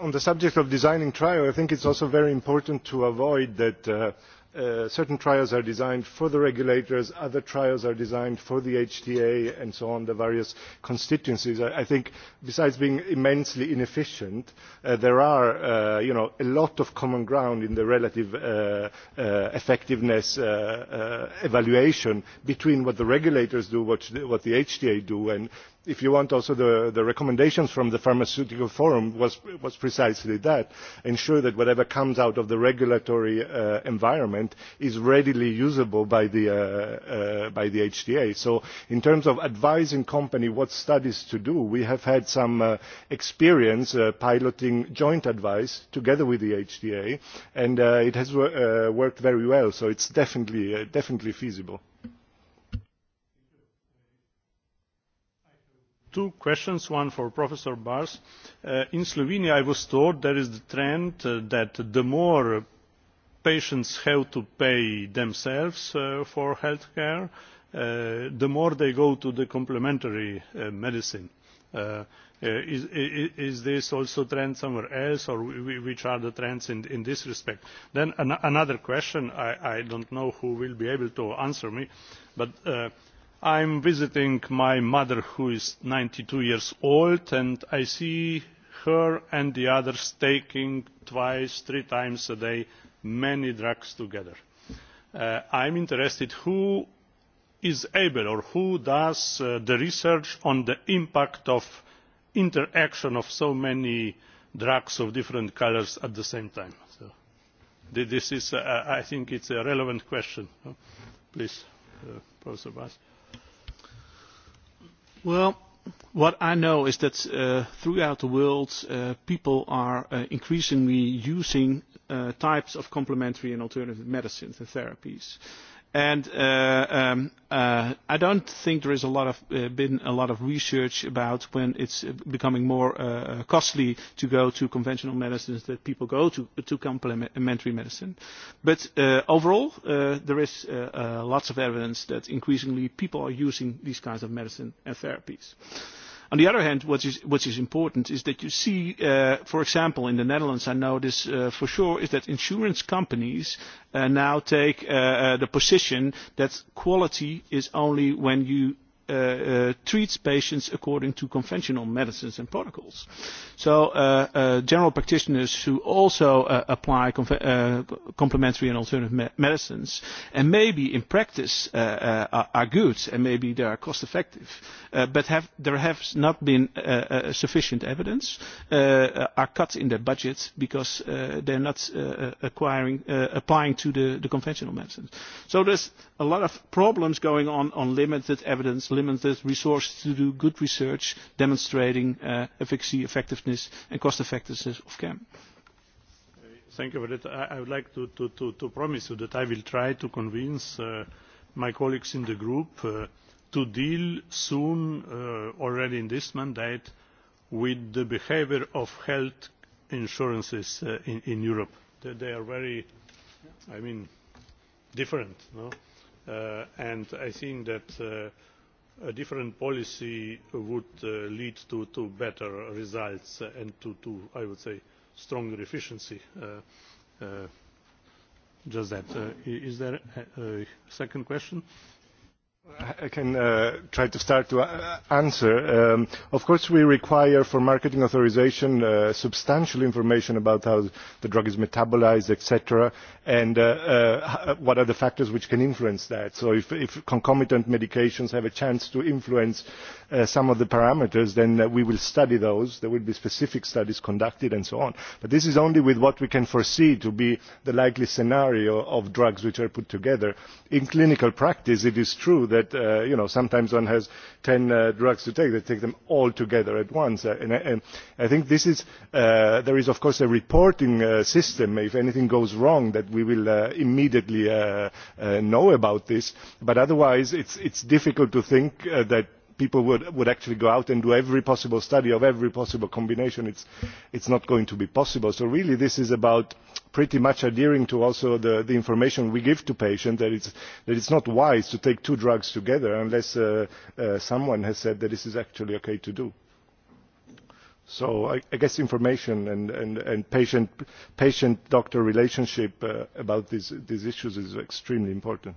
on the subject of designing trials, I think it is also very important to avoid that uh, uh, certain trials are designed for the regulators, other trials are designed for the HTA and so on, the various constituencies. I, think besides being immensely inefficient, uh, there are a lot of common ground in the relative effectiveness evaluation between what the regulators do, and what the HTA does and if you want also the, the recommendations from the pharmaceutical forum was, precisely that ensure that whatever comes out of the regulatory uh, environment is readily usable by the, hta. Uh, uh, so in terms of advising companies what studies to do we have had some experience piloting joint advice together with the hta and it has worked very well so it is definitely, definitely feasible. two questions one for professor bars uh, in slovenia i was told there is the trend uh, that the more patients have to pay themselves uh, for health care the more they go to the complementary medicine is, this also a trend somewhere else or which are the trends in, this respect? then another question i, I do not know who will be able to answer me but i am visiting my mother who is ninety two years old and i see her and the others taking twice three times a day many drugs together. Uh, i am interested who is able or who does uh, the research on the impact of interaction of so many drugs of different colours at the same time. this is, uh, i think it a relevant question. please professor Bass. Well, what I know is that uh, throughout the world, uh, people are uh, increasingly using uh, types of complementary and alternative medicines and therapies and uh, um, uh, I don't think there is a lot of uh, been a lot of research about when it's becoming more uh, costly to go to conventional medicines that people go to to complementary medicine. But uh, overall, uh, there is lots of evidence that increasingly people are using these kinds of medicine and therapies. On the other hand, what is, what is important is that you see, uh, for example, in the Netherlands, I know this uh, for sure, is that insurance companies uh, now take uh, uh, the position that quality is only when you Uh, uh, treats patients according to conventional medicines and protocols. So uh, uh general practitioners who also uh, apply complementary and alternative medicines and maybe in practice are, are good and maybe they are cost effective but have, there have not been sufficient evidence are cut in their budget because they are not acquiring, applying to the, the conventional medicines. So there's a lot of problems going on on limited evidence limited resources to do good research demonstrating uh, efficacy, effectiveness and cost effectiveness of CAM. Thank you for that. I, would like to, to, to, promise you that I will try to convince uh, my colleagues in the group uh, to deal soon, uh, already in this mandate, with the behaviour of health insurances in, Europe. They, are very, I mean, different. No? and I think that a different policy would uh, lead to, to better results and to, to i would say stronger efficiency. Uh, uh, just that. is there a second question? I can uh, try to start to uh, answer. Um, of course, we require for marketing authorization uh, substantial information about how the drug is metabolized, etc., and uh, uh what are the factors which can influence that. So if, if concomitant medications have a chance to influence uh, some of the parameters, then we will study those. There will be specific studies conducted and so on. But this is only with what we can foresee to be the likely scenario of drugs which are put together. In clinical practice, it is true that that uh, you know sometimes one has 10 uh, drugs to take they take them all together at once uh, and, i think this is there is of course a reporting system if anything goes wrong that we will immediately know about this but otherwise it's it's difficult to think that people would, would actually go out and do every possible study of every possible combination it is not going to be possible. so really this is about pretty much adhering to also the, the information we give to patients that it is not wise to take two drugs together unless uh, uh, someone has said that this is actually okay to do. so i, I guess information and, and, and patient, patient doctor relationship uh, about these, these issues is extremely important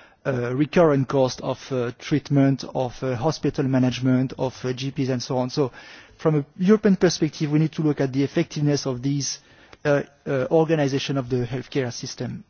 recurrent cost of uh, treatment, of uh, hospital management, of uh, GPs and so on. So from a European perspective, we need to look at the effectiveness of this organisation of the healthcare system.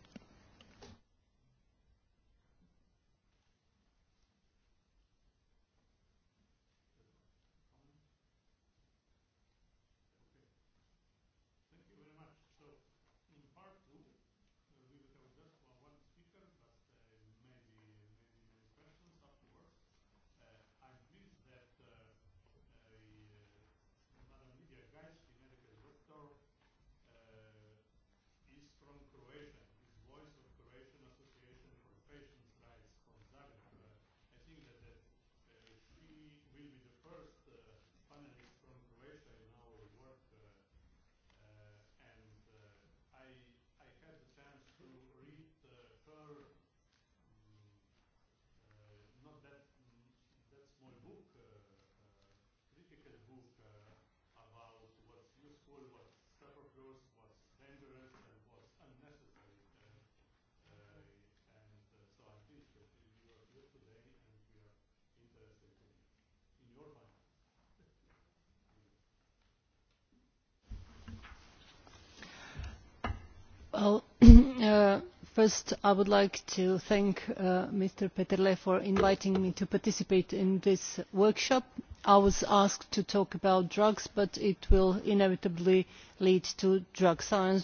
first i would like to thank uh, mr peterle for inviting me to participate in this workshop. i was asked to talk about drugs but it will inevitably lead to drug science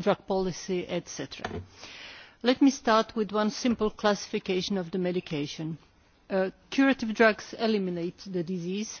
drug policy etc. let me start with one simple classification of the medication. Uh, curative drugs eliminate the disease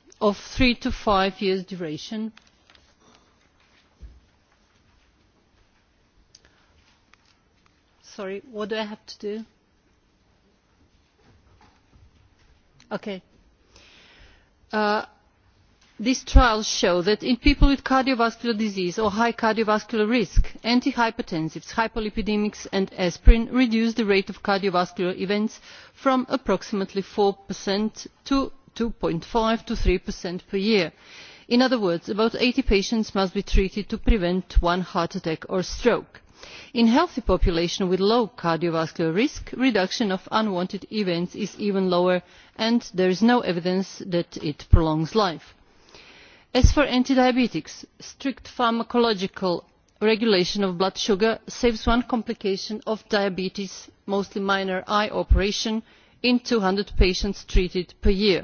of three to five years duration. Sorry, what do I have to do? Okay. Uh, these trials show that in people with cardiovascular disease or high cardiovascular risk antihypertensives hypolipidemics and aspirin reduce the rate of cardiovascular events from approximately 4% to two five to three per year. in other words about eighty patients must be treated to prevent one heart attack or stroke. in healthy population with low cardiovascular risk reduction of unwanted events is even lower and there is no evidence that it prolongs life. as for anti diabetics strict pharmacological regulation of blood sugar saves one complication of diabetes mostly minor eye operation in two hundred patients treated per year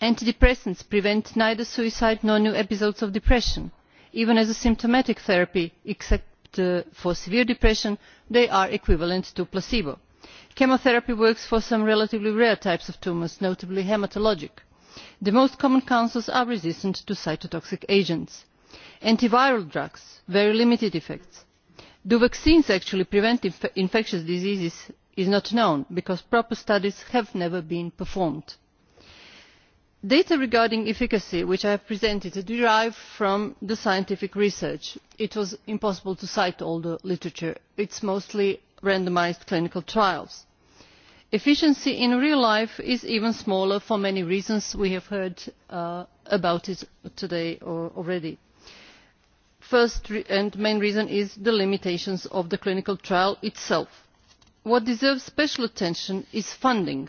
antidepressants prevent neither suicide nor new episodes of depression. even as a symptomatic therapy except uh, for severe depression they are equivalent to placebo. chemotherapy works for some relatively rare types of tumours notably hematologic. the most common cancers are resistant to cytotoxic agents. antiviral drugs very limited effects. do vaccines actually prevent infectious diseases is not known because proper studies have never been performed data regarding efficacy which i have presented are derived from the scientific research. it was impossible to cite all the literature it is mostly randomised clinical trials. efficiency in real life is even smaller for many reasons we have heard uh, about it today or already. the first and main reason is the limitations of the clinical trial itself. what deserves special attention is funding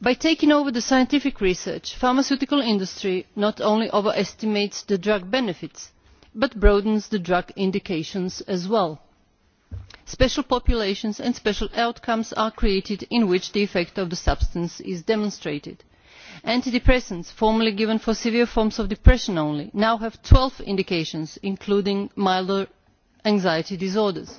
by taking over the scientific research the pharmaceutical industry not only overestimates the drug benefits but broadens the drug indications as well. special populations and special outcomes are created in which the effect of the substance is demonstrated. antidepressants formerly given for severe forms of depression only now have twelve indications including milder anxiety disorders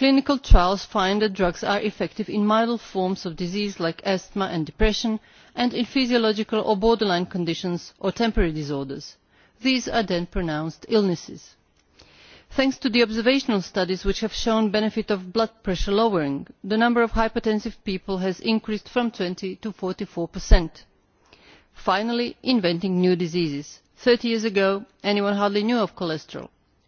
clinical trials find that drugs are effective in mild forms of disease like asthma and depression and in physiological or borderline conditions or temporary disorders. these are then pronounced illnesses. thanks to the observational studies which have shown benefit of blood pressure lowering the number of hypertensive people has increased from twenty to. forty four finally inventing new diseases. thirty years ago anyone hardly knew of cholesterol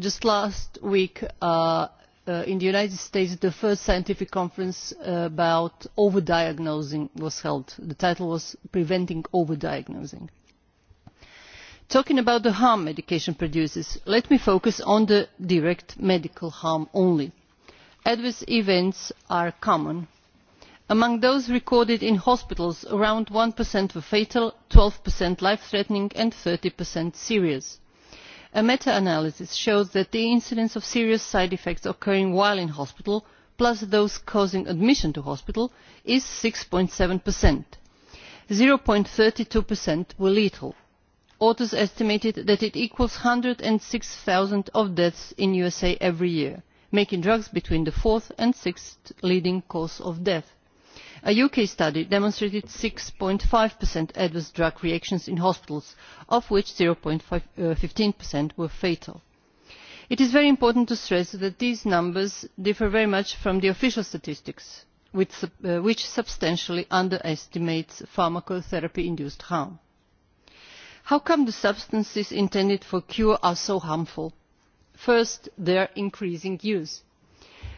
just last week uh, uh, in the united states the first scientific conference uh, about over diagnosing was held. the title was preventing Overdiagnosing. talking about the harm medication produces let me focus on the direct medical harm only. adverse events are common. among those recorded in hospitals around one were fatal twelve life threatening and thirty serious a meta analysis shows that the incidence of serious side effects occurring while in hospital plus those causing admission to hospital is. six seven zero thirty two were lethal. authors estimated that it equals one hundred and six zero deaths in the usa every year making drugs between the fourth and sixth leading cause of death a uk study demonstrated six five adverse drug reactions in hospitals of which. zero uh, fifteen were fatal. it is very important to stress that these numbers differ very much from the official statistics uh, which substantially underestimates pharmacotherapy induced harm. how come the substances intended for cure are so harmful? first their increasing use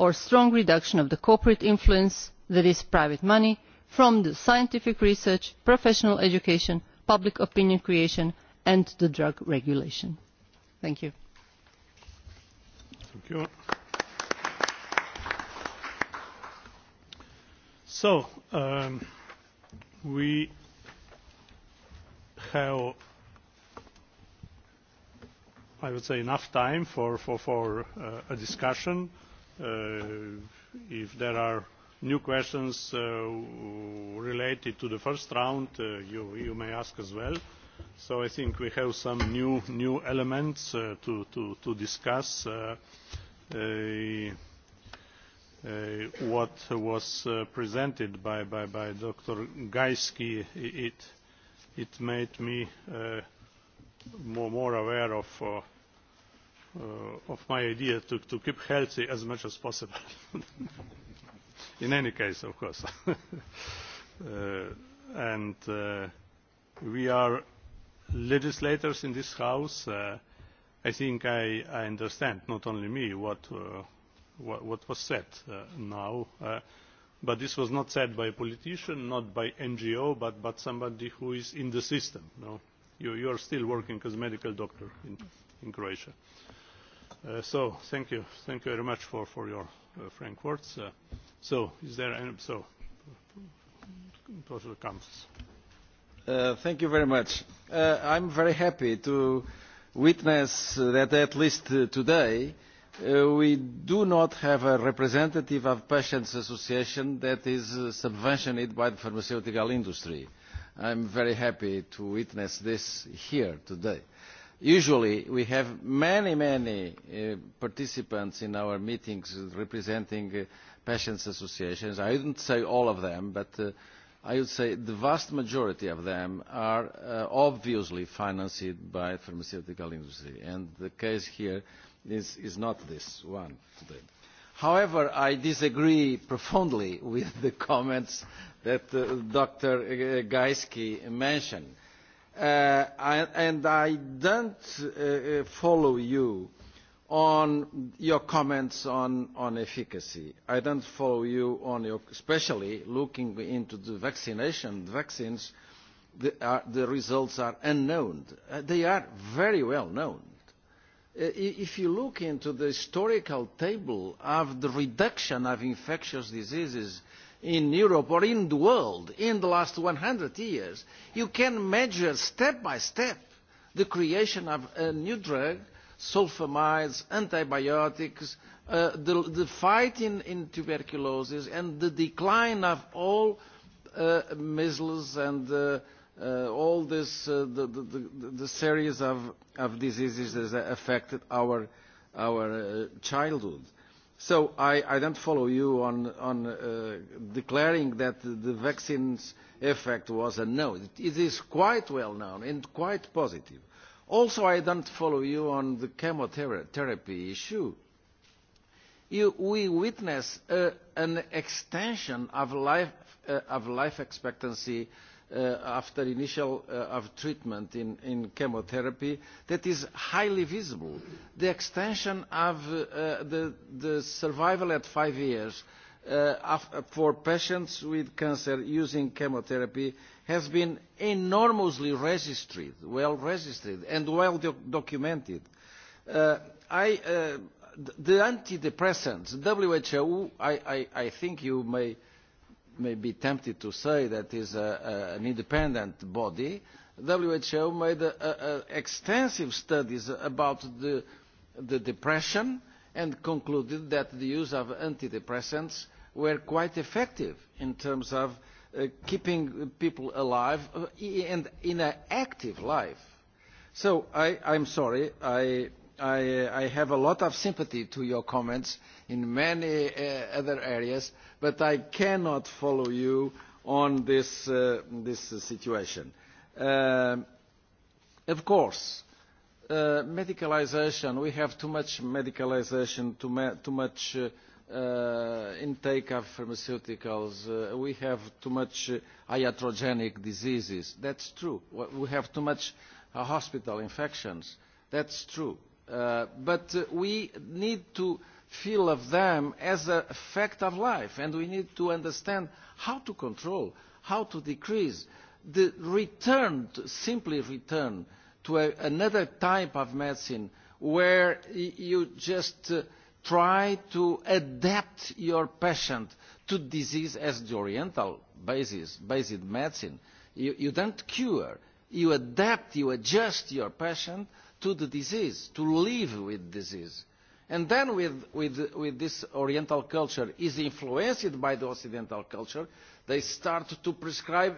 or strong reduction of the corporate influence that is private money from the scientific research professional education public opinion creation and the drug regulation. Thank you. Thank you. So, um, we have, I would say, enough time for, for, uh, a discussion Uh, if there are new questions uh, related to the first round uh, you, may ask as well so i think we have some new, elements to, discuss what was presented by, Dr. Gajski, it, made me more aware of, Uh, of my idea to, to keep healthy as much as possible in any case of course uh, and uh, we are legislators in this house i think i, I understand not only me what what, was said now but this was not said by a politician not by ngo but but somebody who is in the system no you you are still working as a medical doctor in in croatia. Uh, so thank you thank you very much for for your uh, frank words. Uh, so is there any so thank you very much. I am very happy to witness that at least today we do not have a representative of patients' association that is subventioned by the pharmaceutical industry. i am very happy to witness this here today usually we have many many uh, participants in our meetings representing uh, patients associations i not say all of them but uh, i would say the vast majority of them are obviously financed by the pharmaceutical industry and the case here is, is not this one today. however i disagree profoundly with the comments that dr gajski mentioned Uh, and I don't uh, uh, follow you on your comments on, on efficacy. I don't follow you on your, especially looking into the vaccination, vaccines, the, are the results are unknown. Uh, they are very well known. If you look into the historical table of the reduction of infectious diseases in Europe or in the world in the last 100 years, you can measure step by step the creation of a new drug, sulfamides, antibiotics, uh, the, the fight in, in tuberculosis and the decline of all uh, measles and uh, uh, all this, uh, the, the, the, the series of, of diseases that affected our, our uh, childhood. So I, I don't follow you on, on uh, declaring that the vaccine's effect was unknown. It is quite well known and quite positive. Also, I don't follow you on the chemotherapy issue. we witness uh, an extension of life, uh, of life expectancy Uh, after initial uh, of treatment in, in chemotherapy that is highly visible. The extension of uh, the, the survival at five years Uh, for patients with cancer using chemotherapy has been enormously registered, well registered and well doc documented. Uh, I, uh, the antidepressants, WHO, I, I, I think you may may be tempted to say that it is a, an independent body, WHO made a, extensive studies about the, the depression and concluded that the use of antidepressants were quite effective in terms of uh, keeping people alive uh, and in an active life. So I, I'm sorry, I i, I have a lot of sympathy to your comments in many uh, other areas, but I cannot follow you on this, uh, this situation. Uh, of course, medicalisation we have too much medicalisation, too, too much intake of pharmaceuticals, we have too much iatrogenic diseases. That's true. We have too much hospital infections. That's true Uh, but uh, we need to feel of them as a fact of life and we need to understand how to control, how to decrease. The return, to, simply return to a, another type of medicine where you just uh, try to adapt your patient to disease as the oriental basis, basic medicine. You, you don't cure, you adapt, you adjust your patient to the disease, to live with disease. And then with, with, with this Oriental culture is influenced by the Occidental culture, they start to prescribe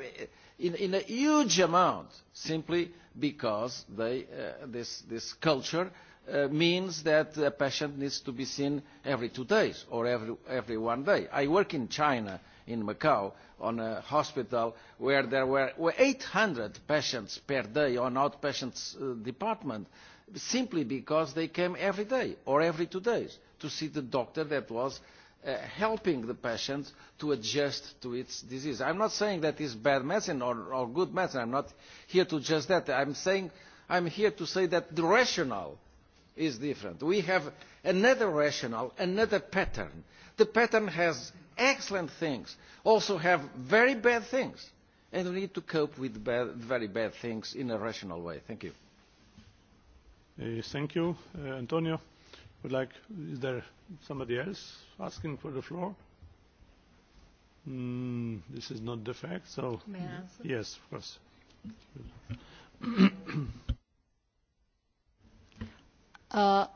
in, in a huge amount simply because they, uh, this, this culture uh, means that a patient needs to be seen every two days or every, every one day. I work in China in Macau on a hospital where there were 800 patients per day on outpatient uh, department simply because they came every day or every two days to see the doctor that was Uh, helping the patient to adjust to its disease. I'm not saying that is bad medicine or, or good medicine. I'm not here to just that. I'm saying I'm here to say that the rationale is different. We have another rationale, another pattern. The pattern has excellent things also have very bad things and we need to cope with bad, very bad things in a rational way. Thank you. Uh, thank you, uh, Antonio. Would like, is there somebody else asking for the floor? Mm, this is not the fact, so May I answer? yes, of course. uh,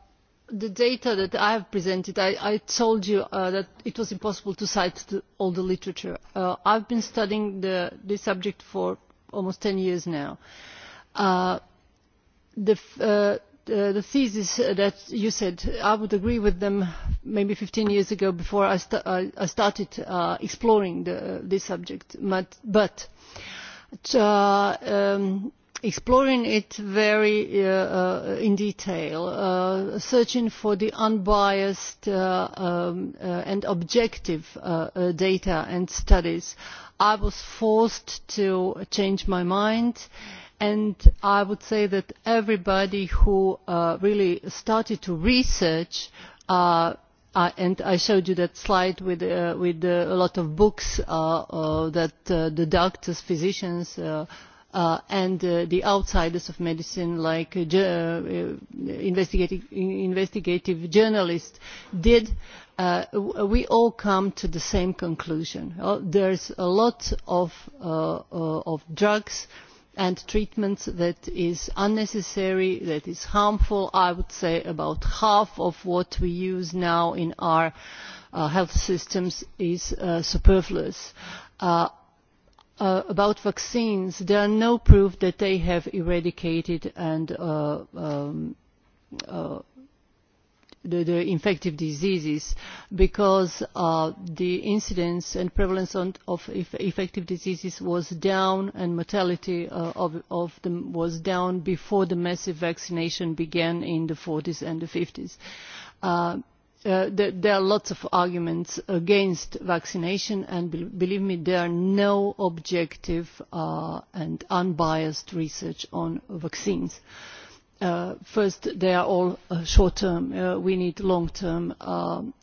the data that i have presented i, told you uh, that it was impossible to cite all the literature. Uh, i have been studying this subject for almost ten years now. Uh, the, the thesis that you said i would agree with them maybe fifteen years ago before i, started exploring this subject but, um, exploring it very uh, uh, in detail uh, searching for the unbiased um, and objective data and studies i was forced to change my mind and i would say that everybody who really started to research and i showed you that slide with, with a lot of books that the doctors physicians Uh, and uh, the outsiders of medicine like uh, uh investigative, investigative journalists did uh, we all come to the same conclusion uh, there is a lot of, of drugs and treatments that is unnecessary that is harmful i would say about half of what we use now in our health systems is superfluous. Uh, about vaccines there are no proof that they have eradicated and uh, um, uh the, the infective diseases because uh, the incidence and prevalence of infective diseases was down and mortality uh, of, of them was down before the massive vaccination began in the 40s and the 50s Uh, there, are lots of arguments against vaccination and believe me there are no objective uh, and unbiased research on vaccines. Uh, first they are all short term we need long term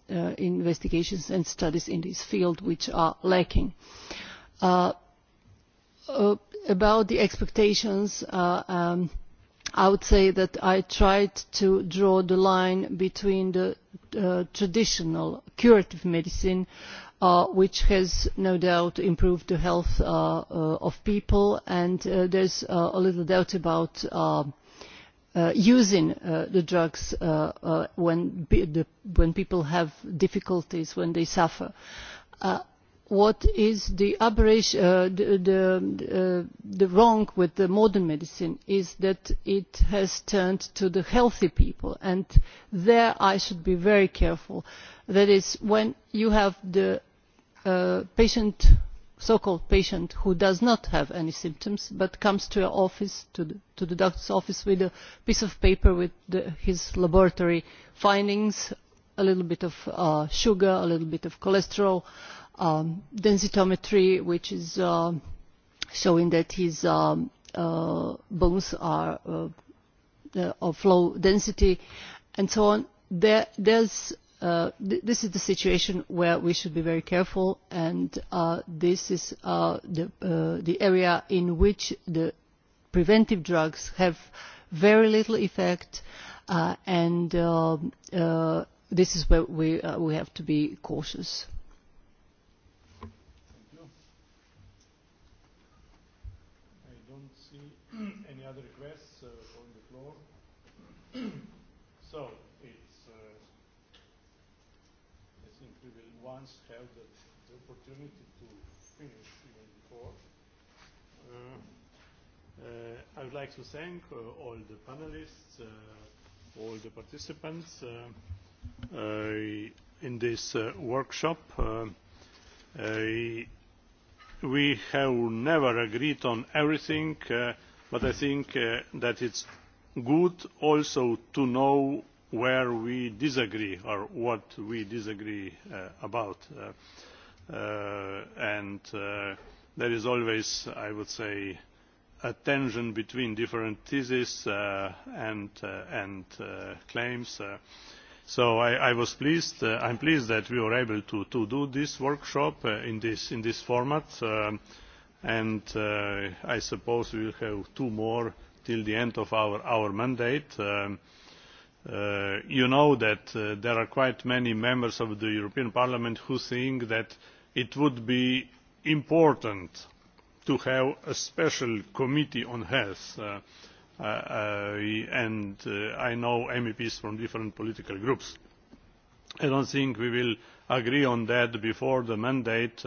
investigations and studies in this field which are lacking. about the expectations um, i would say that i tried to draw the line between the uh, traditional curative medicine uh, which has no doubt improved the health uh, of people and there is a little doubt about using the drugs when, when people have difficulties when they suffer what is the uh, uh, the, wrong with modern medicine is that it has turned to the healthy people and there i should be very careful that is when you have the uh, patient so called patient who does not have any symptoms but comes to your office to the, to the doctor's office with a piece of paper with his laboratory findings a little bit of sugar a little bit of cholesterol um, densitometry, which is um, showing that his um, uh, bones are uh, uh, of low density, and so on. There, there's, uh, th this is the situation where we should be very careful, and uh, this is uh, the, uh, the area in which the preventive drugs have very little effect, uh, and uh, uh, this is where we, uh, we have to be cautious. once have the, the opportunity to finish even before. Uh, uh, I would like to thank uh, all the panelists, uh, all the participants uh, uh, in this uh, workshop. Uh, we have never agreed on everything, uh, but I think uh, that it's good also to know where we disagree or what we disagree uh, about uh, uh, and there is always i would say a tension between different theses and, and claims so i, I was pleased i am pleased that we were able to, to do this workshop in this, in this format um, and i suppose we will have two more till the end of our, our mandate. Um, Uh, you know that uh, there are quite many members of the european parliament who think that it would be important to have a special committee on health uh, and i know meps from different political groups. i do not think we will agree on that before the mandate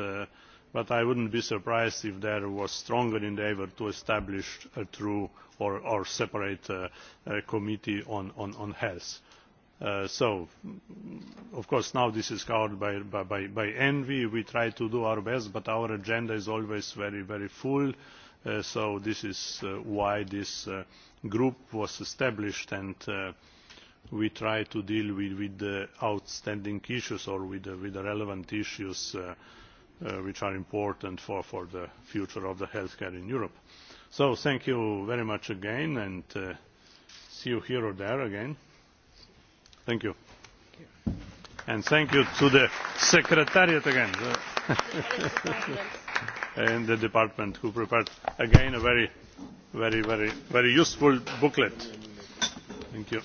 but i would not be surprised if there was stronger endeavour to establish a true or, separate uh, uh, committee on, health. Uh, so of course now this is covered by, by, we try to do our best but our agenda is always very very full so this is why this group was established and we try to deal with, with the outstanding issues or with the, with the relevant issues Uh, which are important for, for the future of the healthcare in Europe. So thank you very much again and uh, see you here or there again. Thank you. Thank you. And thank you to the Secretariat again and the department who prepared again a very, very, very, very useful booklet. Thank you.